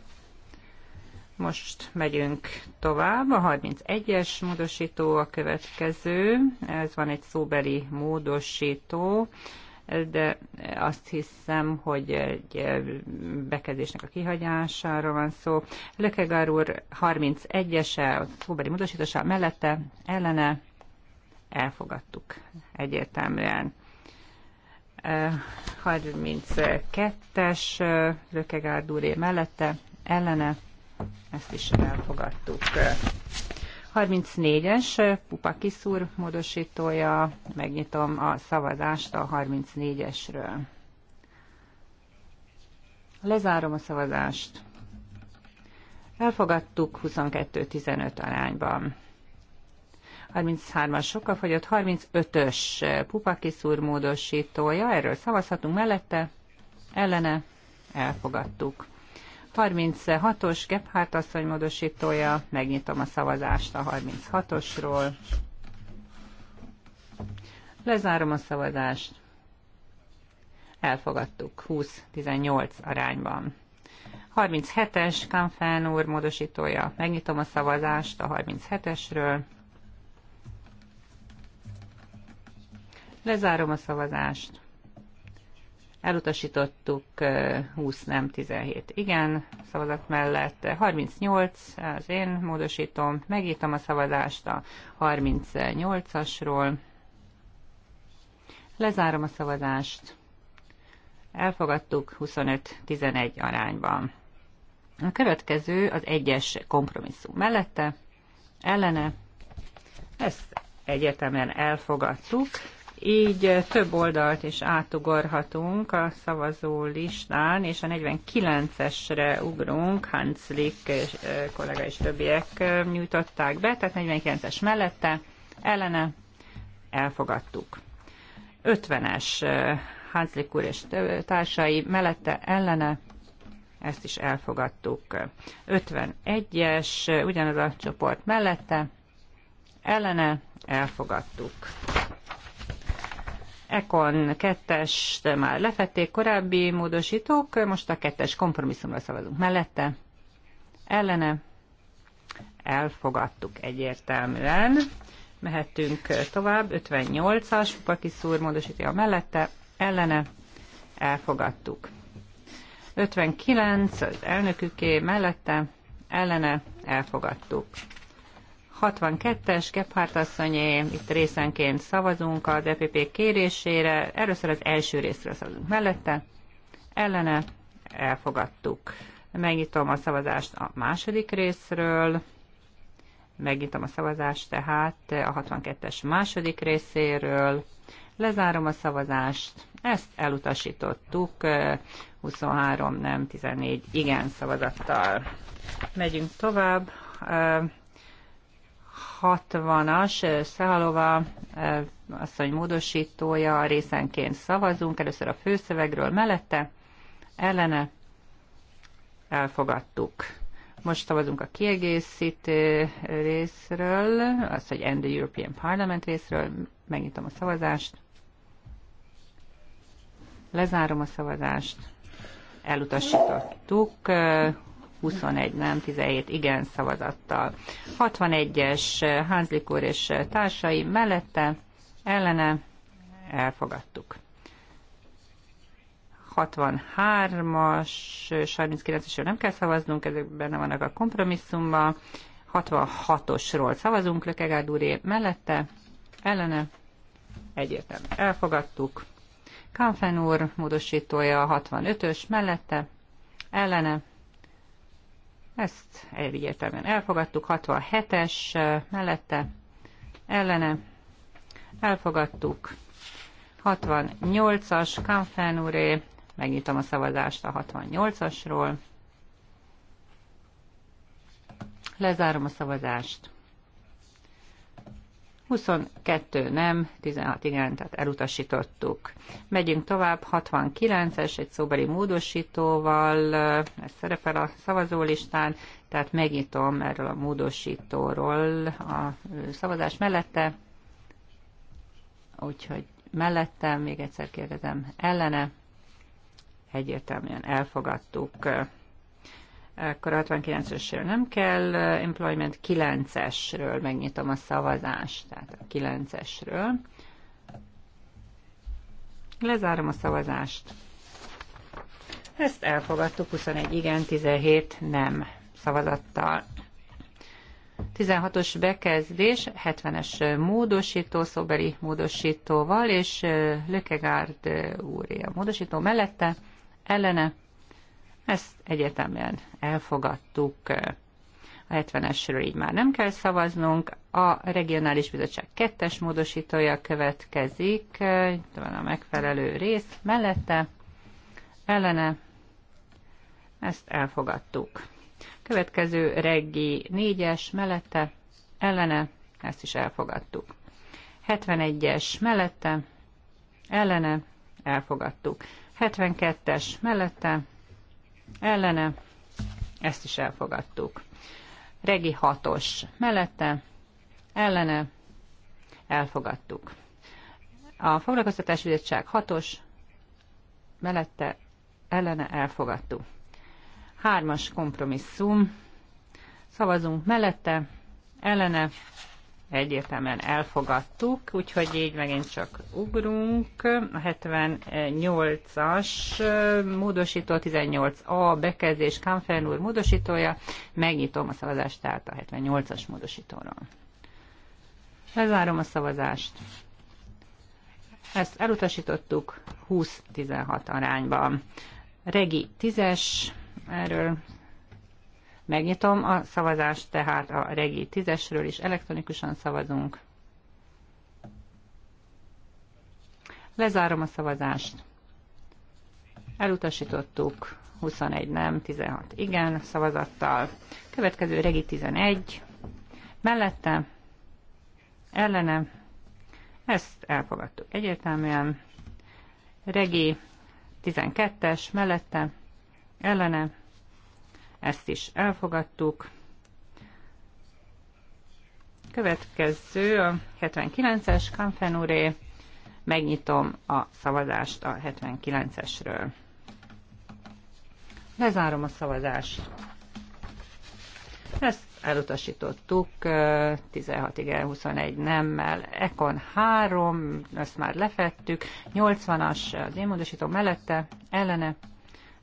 Most megyünk tovább, a 31-es módosító a következő, ez van egy szóbeli módosító, de azt hiszem, hogy egy eh, bekezdésnek a kihagyására van szó. Lökegár úr 31-ese, a szóbeli módosítása mellette, ellene elfogadtuk egyértelműen. 32-es eh, eh, Lökegár úré mellette, ellene, ezt is elfogadtuk. 34-es Pupakis úr módosítója, megnyitom a szavazást a 34-esről. Lezárom a szavazást. Elfogadtuk 22-15 arányban. 33-as sokkal fogyott, 35-ös Pupakis úr módosítója, erről szavazhatunk mellette, ellene elfogadtuk. 36-os Gebhardt asszony módosítója, megnyitom a szavazást a 36-osról. Lezárom a szavazást. Elfogadtuk 20-18 arányban. 37-es Kanfán úr módosítója, megnyitom a szavazást a 37-esről. Lezárom a szavazást elutasítottuk 20 nem, 17 igen szavazat mellett, 38 az én módosítom, megírtam a szavazást a 38-asról, lezárom a szavazást, elfogadtuk 25-11 arányban. A következő az egyes kompromisszum mellette, ellene, ezt egyetemen elfogadtuk, így több oldalt is átugorhatunk a szavazó listán, és a 49-esre ugrunk, Hanslik és, kollega és többiek nyújtották be, tehát 49-es mellette, ellene elfogadtuk. 50-es Hanslik úr és társai mellette, ellene ezt is elfogadtuk. 51-es, ugyanaz a csoport mellette, ellene elfogadtuk. 2 kettes már lefették korábbi módosítók, most a 2-es kompromisszumra szavazunk mellette. Ellene elfogadtuk egyértelműen. Mehetünk tovább, 58-as, Paki szúr módosítja mellette, ellene elfogadtuk. 59 az elnöküké mellette, ellene elfogadtuk. 62-es Gephardt asszonyé, itt részenként szavazunk az EPP kérésére. Először az első részre szavazunk mellette, ellene elfogadtuk. Megnyitom a szavazást a második részről. Megnyitom a szavazást tehát a 62-es második részéről. Lezárom a szavazást. Ezt elutasítottuk 23 nem 14 igen szavazattal. Megyünk tovább. 60-as eh, Szahalova eh, asszony módosítója, részenként szavazunk, először a főszövegről mellette, ellene elfogadtuk. Most szavazunk a kiegészítő részről, az, hogy End the European Parliament részről, megnyitom a szavazást, lezárom a szavazást, elutasítottuk, 21 nem, 17 igen szavazattal. 61-es Hánzlik úr és társai mellette, ellene elfogadtuk. 63-as, 39-esről nem kell szavaznunk, ezek benne vannak a kompromisszumban. 66-osról szavazunk, Lökegárd úré mellette, ellene, egyértelmű elfogadtuk. Kánfen úr módosítója a 65-ös mellette, ellene, ezt elvi értelemben elfogadtuk. 67-es mellette ellene elfogadtuk. 68-as Kamfen úré. Megnyitom a szavazást a 68-asról. Lezárom a szavazást. 22 nem, 16 igen, tehát elutasítottuk. Megyünk tovább, 69-es, egy szóbeli módosítóval, ez szerepel a szavazólistán, tehát megnyitom erről a módosítóról a szavazás mellette, úgyhogy mellette még egyszer kérdezem, ellene, egyértelműen elfogadtuk akkor 69-esről nem kell, employment 9-esről megnyitom a szavazást, tehát a 9-esről. Lezárom a szavazást. Ezt elfogadtuk 21 igen, 17 nem szavazattal. 16-os bekezdés, 70-es módosító, szóbeli módosítóval, és Lökegárd úré a módosító mellette, ellene ezt egyetemen elfogadtuk. A 70-esről így már nem kell szavaznunk. A Regionális Bizottság kettes módosítója következik. Itt van a megfelelő rész mellette. Ellene. Ezt elfogadtuk. Következő reggi négyes mellette. Ellene. Ezt is elfogadtuk. 71-es mellette. Ellene. Elfogadtuk. 72-es mellette ellene, ezt is elfogadtuk. Regi hatos mellette, ellene, elfogadtuk. A foglalkoztatási bizottság hatos mellette, ellene, elfogadtuk. Hármas kompromisszum, szavazunk mellette, ellene, egyértelműen elfogadtuk, úgyhogy így megint csak ugrunk. A 78-as módosító 18a bekezdés Kamfen úr módosítója. Megnyitom a szavazást tehát a 78-as módosítóról. Lezárom a szavazást. Ezt elutasítottuk 20-16 arányban. Regi 10-es, erről Megnyitom a szavazást, tehát a regi 10-esről is elektronikusan szavazunk. Lezárom a szavazást. Elutasítottuk 21 nem, 16 igen szavazattal. Következő regi 11. Mellette, ellene, ezt elfogadtuk egyértelműen. Regi 12-es, mellette, ellene, ezt is elfogadtuk. Következő a 79-es Kanfenuré. Megnyitom a szavazást a 79-esről. Lezárom a szavazást. Ezt elutasítottuk 16 igen, 21 nemmel. Ekon 3, ezt már lefettük. 80-as démódosító mellette, ellene,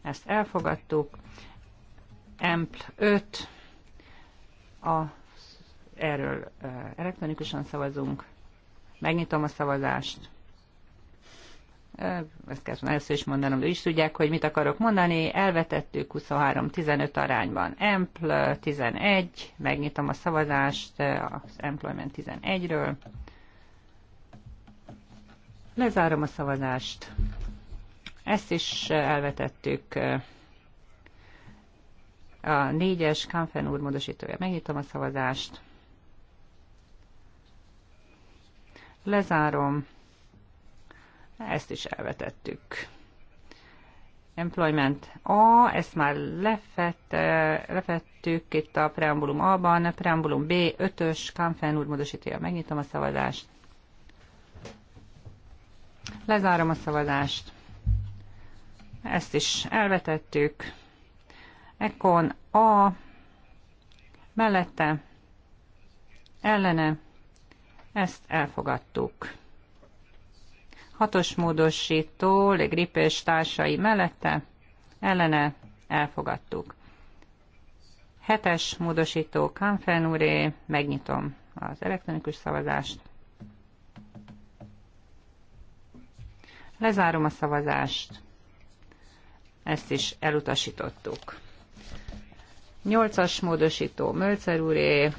ezt elfogadtuk. EMPL 5, a, erről elektronikusan szavazunk. Megnyitom a szavazást. Ezt kell először is mondanom, de is tudják, hogy mit akarok mondani. Elvetettük 23-15 arányban. EMPL 11, megnyitom a szavazást az Employment 11-ről. Lezárom a szavazást. Ezt is elvetettük a négyes Kamfen úr módosítója. Megnyitom a szavazást. Lezárom. Ezt is elvetettük. Employment A, ezt már lefett, eh, lefettük itt a preambulum A-ban, a preambulum B, 5-ös, Kamfen úr módosítója. Megnyitom a szavazást. Lezárom a szavazást. Ezt is elvetettük. Ekkor A mellette ellene ezt elfogadtuk. Hatos módosító, Le társai mellette ellene elfogadtuk. Hetes módosító Kanfen úré, megnyitom az elektronikus szavazást. Lezárom a szavazást. Ezt is elutasítottuk. Nyolcas módosító Mölcer úré,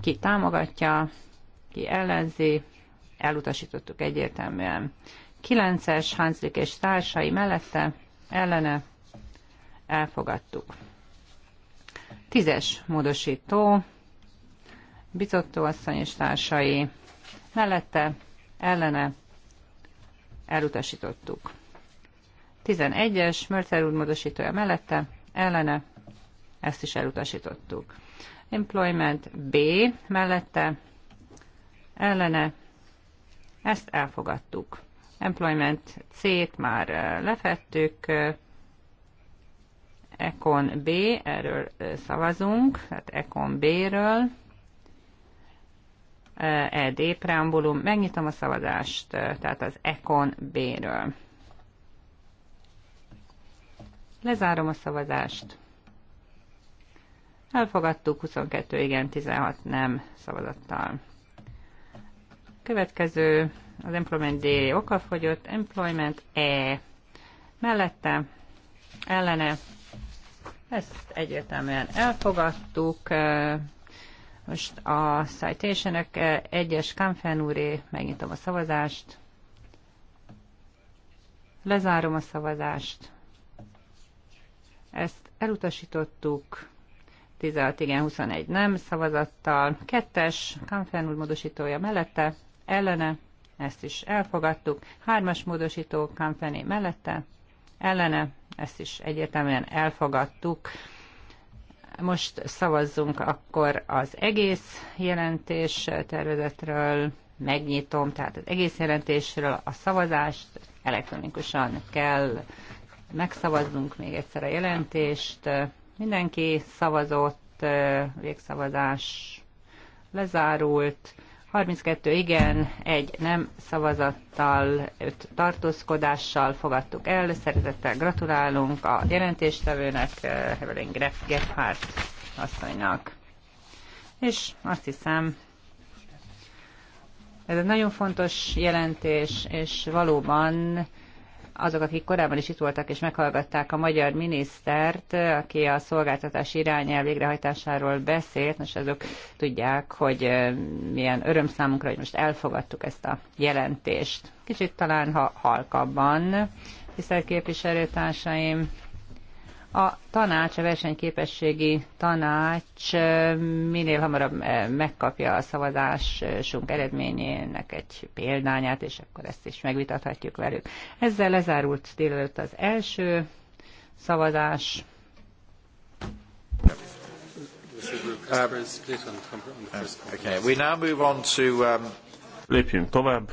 ki támogatja, ki ellenzi, elutasítottuk egyértelműen. Kilences Hanslik és társai mellette, ellene, elfogadtuk. Tízes módosító, Bizottó asszony és társai, mellette, ellene, elutasítottuk. 11-es, Mörcer úr módosítója mellette, ellene, ezt is elutasítottuk. Employment B mellette ellene, ezt elfogadtuk. Employment C-t már eh, lefettük, Econ B, erről eh, szavazunk, tehát Econ B-ről, ED eh, e preambulum, megnyitom a szavazást, tehát az Econ B-ről. Lezárom a szavazást. Elfogadtuk 22 igen, 16 nem szavazattal. Következő az Employment D okafogyott, Employment E mellette, ellene. Ezt egyértelműen elfogadtuk. Most a citation egyes Kamfen úré, megnyitom a szavazást. Lezárom a szavazást. Ezt elutasítottuk 16 igen, 21 nem szavazattal, kettes Kamfen úr módosítója mellette, ellene, ezt is elfogadtuk, hármas módosító Kampfené mellette, ellene, ezt is egyértelműen elfogadtuk. Most szavazzunk akkor az egész jelentés tervezetről, megnyitom, tehát az egész jelentésről a szavazást elektronikusan kell megszavaznunk még egyszer a jelentést. Mindenki szavazott, végszavazás lezárult. 32 igen, egy nem szavazattal, öt tartózkodással fogadtuk el. Szeretettel gratulálunk a jelentéstevőnek, Evelyn Gephardt asszonynak. És azt hiszem, ez egy nagyon fontos jelentés, és valóban azok, akik korábban is itt voltak és meghallgatták a magyar minisztert, aki a szolgáltatás irányel végrehajtásáról beszélt, most azok tudják, hogy milyen öröm számunkra, hogy most elfogadtuk ezt a jelentést. Kicsit talán ha halkabban, tisztelt képviselőtársaim, a tanács, a versenyképességi tanács minél hamarabb megkapja a szavazásunk eredményének egy példányát, és akkor ezt is megvitathatjuk velük. Ezzel lezárult délelőtt az első szavazás. Um, um, Lépjünk tovább.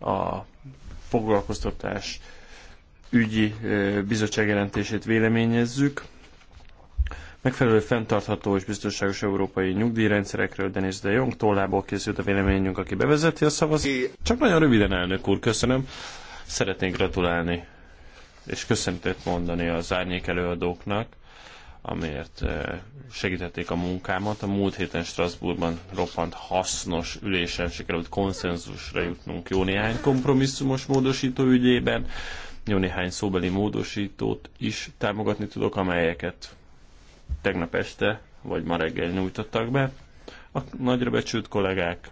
A foglalkoztatás ügyi bizottság jelentését véleményezzük. Megfelelő fenntartható és biztonságos európai nyugdíjrendszerekről Denis de Jong tollából készült a véleményünk, aki bevezeti a szavazást. Csak nagyon röviden, elnök úr, köszönöm. szeretnénk gratulálni és köszöntet mondani az árnyék előadóknak, amiért segítették a munkámat. A múlt héten Strasbourgban roppant hasznos ülésen sikerült konszenzusra jutnunk jó néhány kompromisszumos módosító ügyében jó néhány szóbeli módosítót is támogatni tudok, amelyeket tegnap este vagy ma reggel nyújtottak be. A nagyra becsült kollégák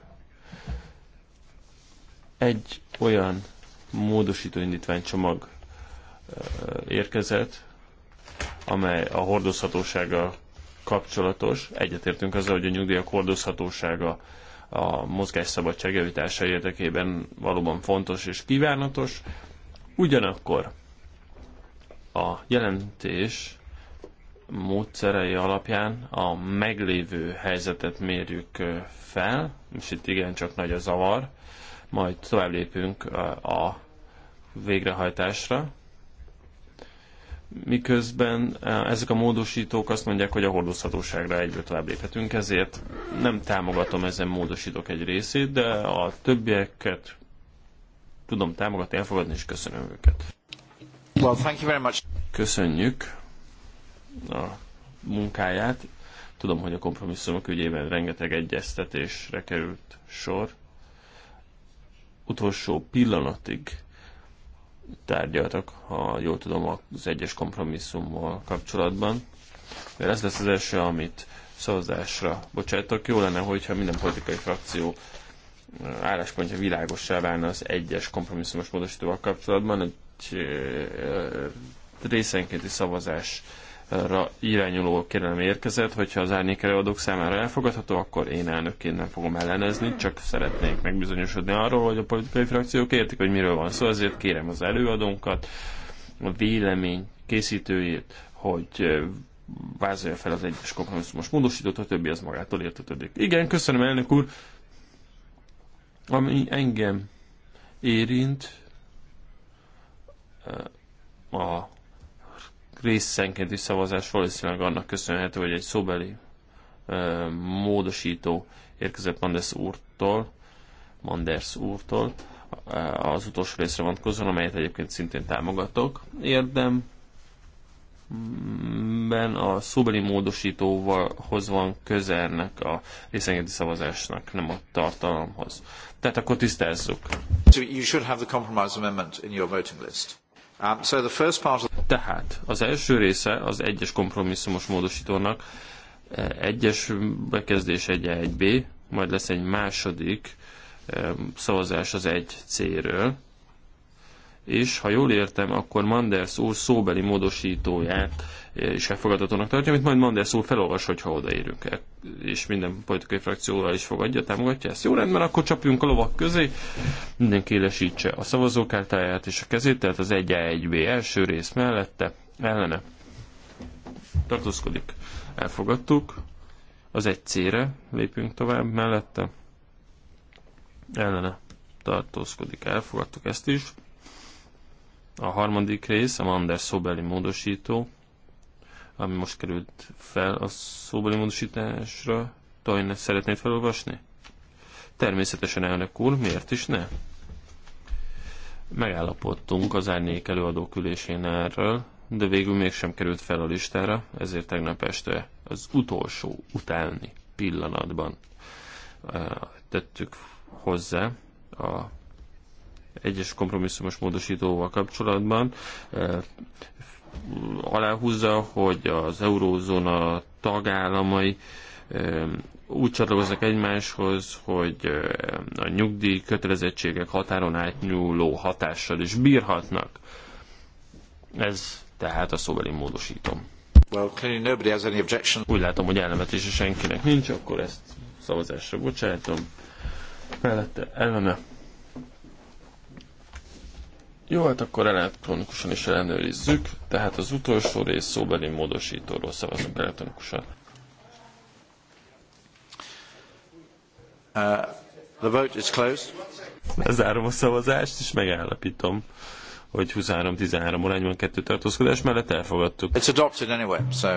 egy olyan módosító indítványcsomag érkezett, amely a hordozhatósága kapcsolatos. Egyetértünk azzal, hogy a nyugdíjak hordozhatósága a mozgásszabadság javítása érdekében valóban fontos és kívánatos. Ugyanakkor a jelentés módszerei alapján a meglévő helyzetet mérjük fel, és itt csak nagy a zavar, majd tovább lépünk a végrehajtásra. Miközben ezek a módosítók azt mondják, hogy a hordozhatóságra egyből tovább léphetünk, ezért nem támogatom ezen módosítók egy részét, de a többieket tudom támogatni, elfogadni, és köszönöm őket. Well, thank you very much. Köszönjük a munkáját. Tudom, hogy a kompromisszumok ügyében rengeteg egyeztetésre került sor. Utolsó pillanatig tárgyaltak, ha jól tudom, az egyes kompromisszummal kapcsolatban. Mert ez lesz az első, amit szavazásra bocsájtok. Jó lenne, hogyha minden politikai frakció álláspontja világossá válna az egyes kompromisszumos módosítóval kapcsolatban, egy részenkénti szavazásra irányuló kérelem érkezett, hogyha az árnyékelőadók számára elfogadható, akkor én elnökként nem fogom ellenezni, csak szeretnék megbizonyosodni arról, hogy a politikai frakciók értik, hogy miről van szó, ezért kérem az előadónkat, a vélemény készítőjét, hogy vázolja fel az egyes kompromisszumos módosítót, a többi az magától értetődik. Igen, köszönöm elnök úr, ami engem érint, eh, a részszenkénti szavazás valószínűleg annak köszönhető, hogy egy szóbeli eh, módosító érkezett Manders úrtól, Manders úrtól, eh, az utolsó részre vonatkozóan, amelyet egyébként szintén támogatok. Érdem, ben a szóbeli módosítóhoz van közelnek a részengedi szavazásnak, nem a tartalomhoz tehát akkor tisztázzuk. Um, tehát az első része az egyes kompromisszumos módosítónak, e, egyes bekezdés egy egy b majd lesz egy második e, szavazás az egy c ről és ha jól értem, akkor Manders úr szóbeli módosítóját és elfogadhatónak tartja, amit majd Mandelsz úr felolvas, hogyha odaérünk el, és minden politikai frakcióval is fogadja, támogatja ezt. Jó rendben, akkor csapjunk a lovak közé, mindenki élesítse a szavazókártáját és a kezét, tehát az 1A1B első rész mellette, ellene. Tartózkodik. Elfogadtuk. Az 1C-re lépünk tovább mellette. Ellene. Tartózkodik. Elfogadtuk ezt is. A harmadik rész, a Manders Szobeli módosító ami most került fel a szóbeli módosításra. Tajne, szeretnéd felolvasni? Természetesen elnök úr, miért is ne? Megállapodtunk az árnyék előadók ülésén erről, de végül mégsem került fel a listára, ezért tegnap este az utolsó utáni pillanatban tettük hozzá a egyes kompromisszumos módosítóval kapcsolatban aláhúzza, hogy az eurózóna tagállamai úgy csatlakoznak egymáshoz, hogy a nyugdíj kötelezettségek határon átnyúló hatással is bírhatnak. Ez tehát a szóbeli módosítom. Úgy látom, hogy ellenvetése senkinek nincs, akkor ezt szavazásra bocsájtom. Mellette ellene jó, hát akkor elektronikusan is ellenőrizzük, tehát az utolsó rész szóbeli módosítóról szavazunk elektronikusan. Uh, the vote is closed. Lezárom a szavazást, és megállapítom, hogy 23-13 arányban kettő tartózkodás mellett elfogadtuk. It's adopted anyway, so...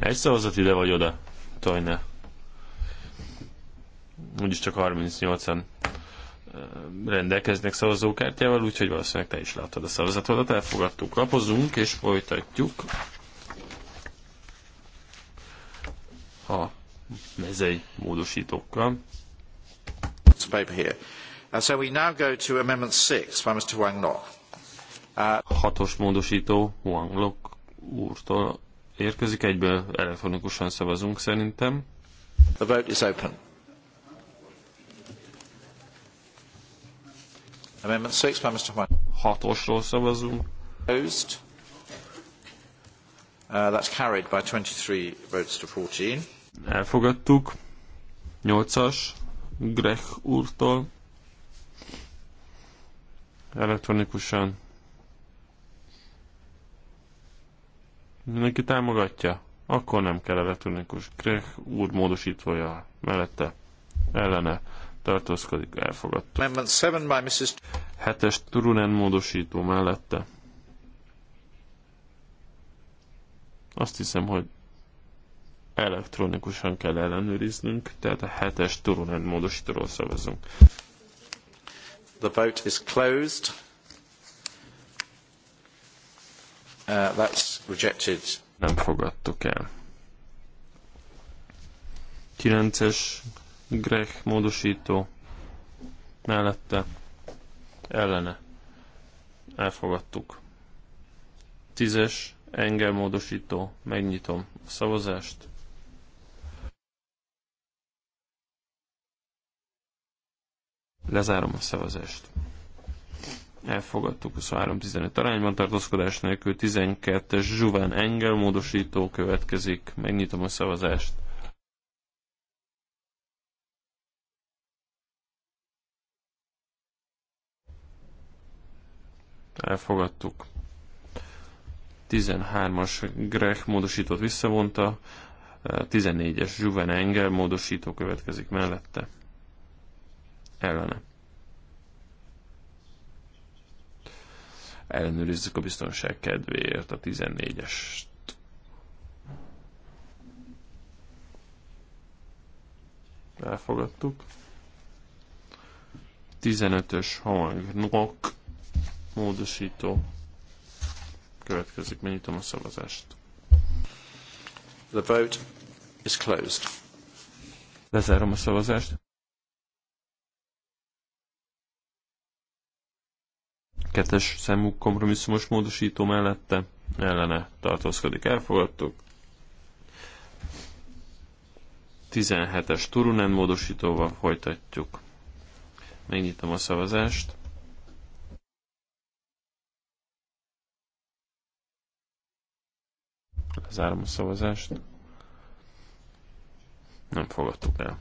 Egy szavazat ide vagy oda, Tojna. Úgyis csak 38-an rendelkeznek szavazókártyával, úgyhogy valószínűleg te is láttad a szavazatodat. Elfogadtuk, lapozunk és folytatjuk a mezei módosítókkal. Uh, so we now go to Amendment 6 by Mr. Wang Nok. Uh, Hatos módosító Huang Lok úrtól érkezik, egyből elektronikusan szavazunk szerintem. The vote is open. Amendment 6 by Mr. Huang. Hatosról szavazunk. Opposed. Uh, that's carried by 23 votes to 14. Elfogadtuk. 8-as Greg úrtól. Elektronikusan. Mindenki támogatja? Akkor nem kell elektronikus. Greg úr módosítója mellette. Ellene tartózkodik, elfogadtuk. Hetes Turunen módosító mellette. Azt hiszem, hogy elektronikusan kell ellenőriznünk, tehát a hetes Turunen módosítóról szavazunk. The vote is closed. Uh, that's rejected. Nem fogadtuk el. 9-es Greg módosító mellette ellene elfogadtuk. Tízes engel módosító, megnyitom a szavazást. Lezárom a szavazást. Elfogadtuk 23-15 arányban, tartózkodás nélkül 12-es Zsuván Engel módosító következik. Megnyitom a szavazást. elfogadtuk. 13-as Greg módosított visszavonta, 14-es Juven Engel módosító következik mellette. Ellene. Ellenőrizzük a biztonság kedvéért a 14-est. Elfogadtuk. 15-ös hang Nok módosító következik. Megnyitom a szavazást. The vote is closed. Lezárom a szavazást. Kettes számú kompromisszumos módosító mellette ellene tartózkodik. Elfogadtuk. 17-es Turunen módosítóval folytatjuk. Megnyitom a szavazást. Lezárom a szavazást. Nem fogadtuk el.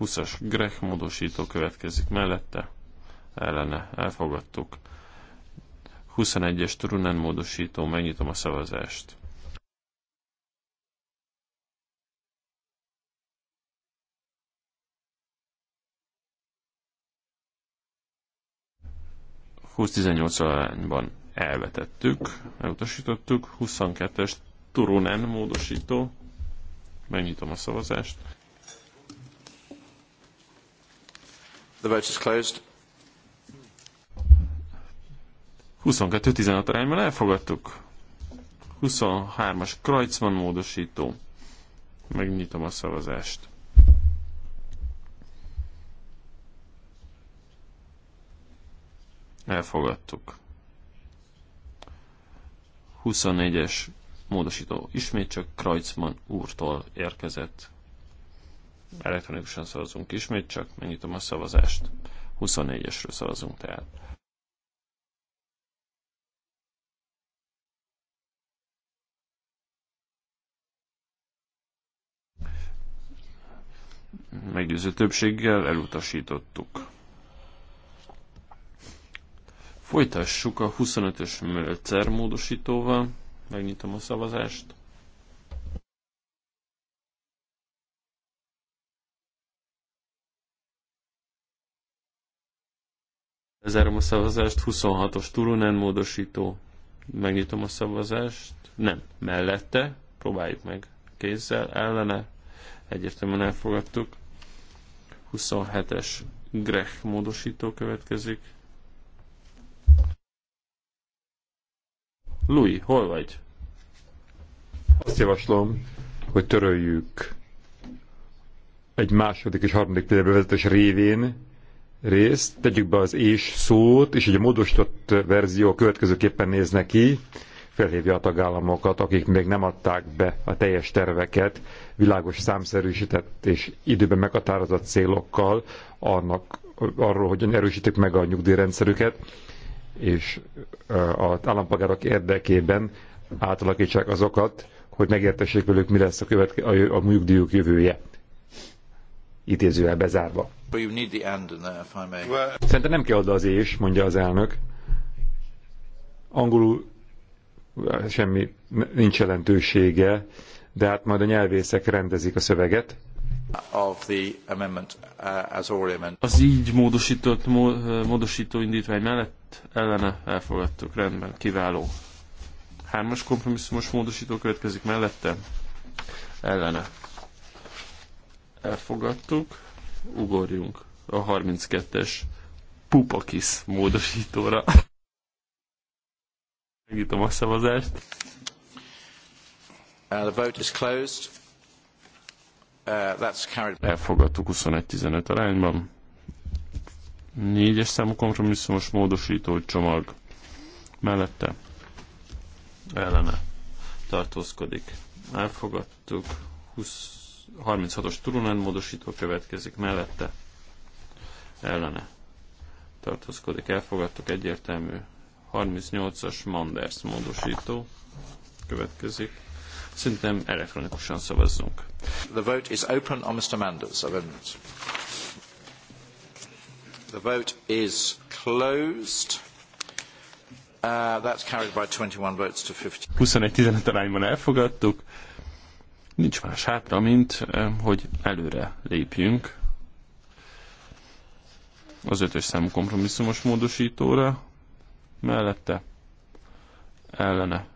20-as Greg módosító következik mellette. Ellene elfogadtuk. 21-es Trunen módosító, megnyitom a szavazást. ban elvetettük, elutasítottuk, 22-es Turunen módosító, megnyitom a szavazást. The vote is closed. 22-16 arányban elfogadtuk. 23-as Kreutzmann módosító. Megnyitom a szavazást. Elfogadtuk. 24-es módosító ismét csak Kreuzmann úrtól érkezett. Elektronikusan szavazunk ismét csak, megnyitom a szavazást. 24-esről szavazunk tehát. Meggyőző többséggel elutasítottuk. Folytassuk a 25-ös Mölcer módosítóval. Megnyitom a szavazást. Lezárom a szavazást, 26-os Turunen módosító, megnyitom a szavazást, nem, mellette, próbáljuk meg kézzel, ellene, egyértelműen elfogadtuk. 27-es Grech módosító következik, Louis, hol vagy? Azt javaslom, hogy töröljük egy második és harmadik példabevezetés révén részt, tegyük be az és szót, és egy módosított verzió következőképpen néz neki, felhívja a tagállamokat, akik még nem adták be a teljes terveket, világos számszerűsített és időben meghatározott célokkal annak, arról, hogyan erősítik meg a nyugdíjrendszerüket, és az állampolgárok érdekében átalakítsák azokat, hogy megértessék velük, mi lesz a, követke, a, a nyugdíjuk jövője. Idézővel bezárva. Szerintem nem kell oda az és, mondja az elnök. Angolul semmi nincs jelentősége, de hát majd a nyelvészek rendezik a szöveget. Uh, Az így módosított eh, módosító indítvány mellett ellene elfogadtuk. Rendben, kiváló. Hármas kompromisszumos módosító következik mellette. Ellene. Elfogadtuk. Ugorjunk a 32-es Pupakis módosítóra. Megnyitom a szavazást. Uh, the vote is closed. Uh, Elfogadtuk 21-15 arányban. Négyes számú kompromisszumos módosító csomag mellette ellene tartózkodik. Elfogadtuk 20, 36-os Turunen módosító következik mellette ellene tartózkodik. Elfogadtuk egyértelmű 38-as Manders módosító következik Szerintem elektronikusan szavazzunk. The vote is open on Mr. Manders amendment. The vote is closed. Uh, that's carried by 21 votes to 50. 21-15 arányban elfogadtuk. Nincs más hátra, mint hogy előre lépjünk az ötös számú kompromisszumos módosítóra mellette ellene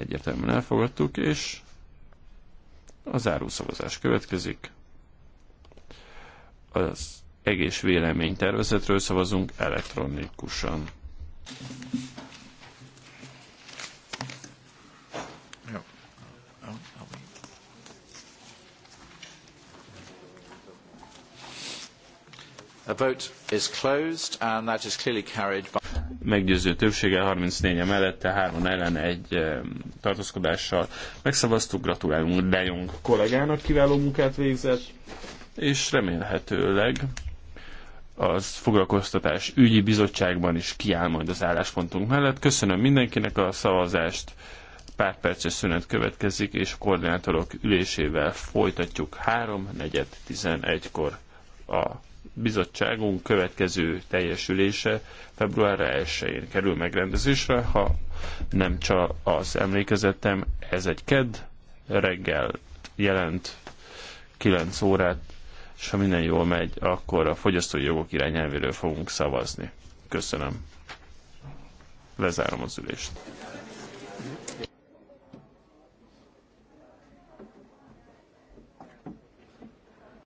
egyértelműen elfogadtuk, és a zárószavazás következik. Az egész véleménytervezetről szavazunk elektronikusan. A vote is closed and that is clearly carried by meggyőző többsége 34 mellette, 3 ellen egy tartózkodással megszavaztuk. Gratulálunk De Jong kollégának, kiváló munkát végzett, és remélhetőleg az foglalkoztatás ügyi bizottságban is kiáll majd az álláspontunk mellett. Köszönöm mindenkinek a szavazást, pár perces szünet következik, és a koordinátorok ülésével folytatjuk 3.4.11-kor a bizottságunk következő teljesülése február 1-én kerül megrendezésre, ha nem csak az emlékezetem, ez egy ked reggel jelent 9 órát, és ha minden jól megy, akkor a fogyasztói jogok irányelvéről fogunk szavazni. Köszönöm. Lezárom az ülést.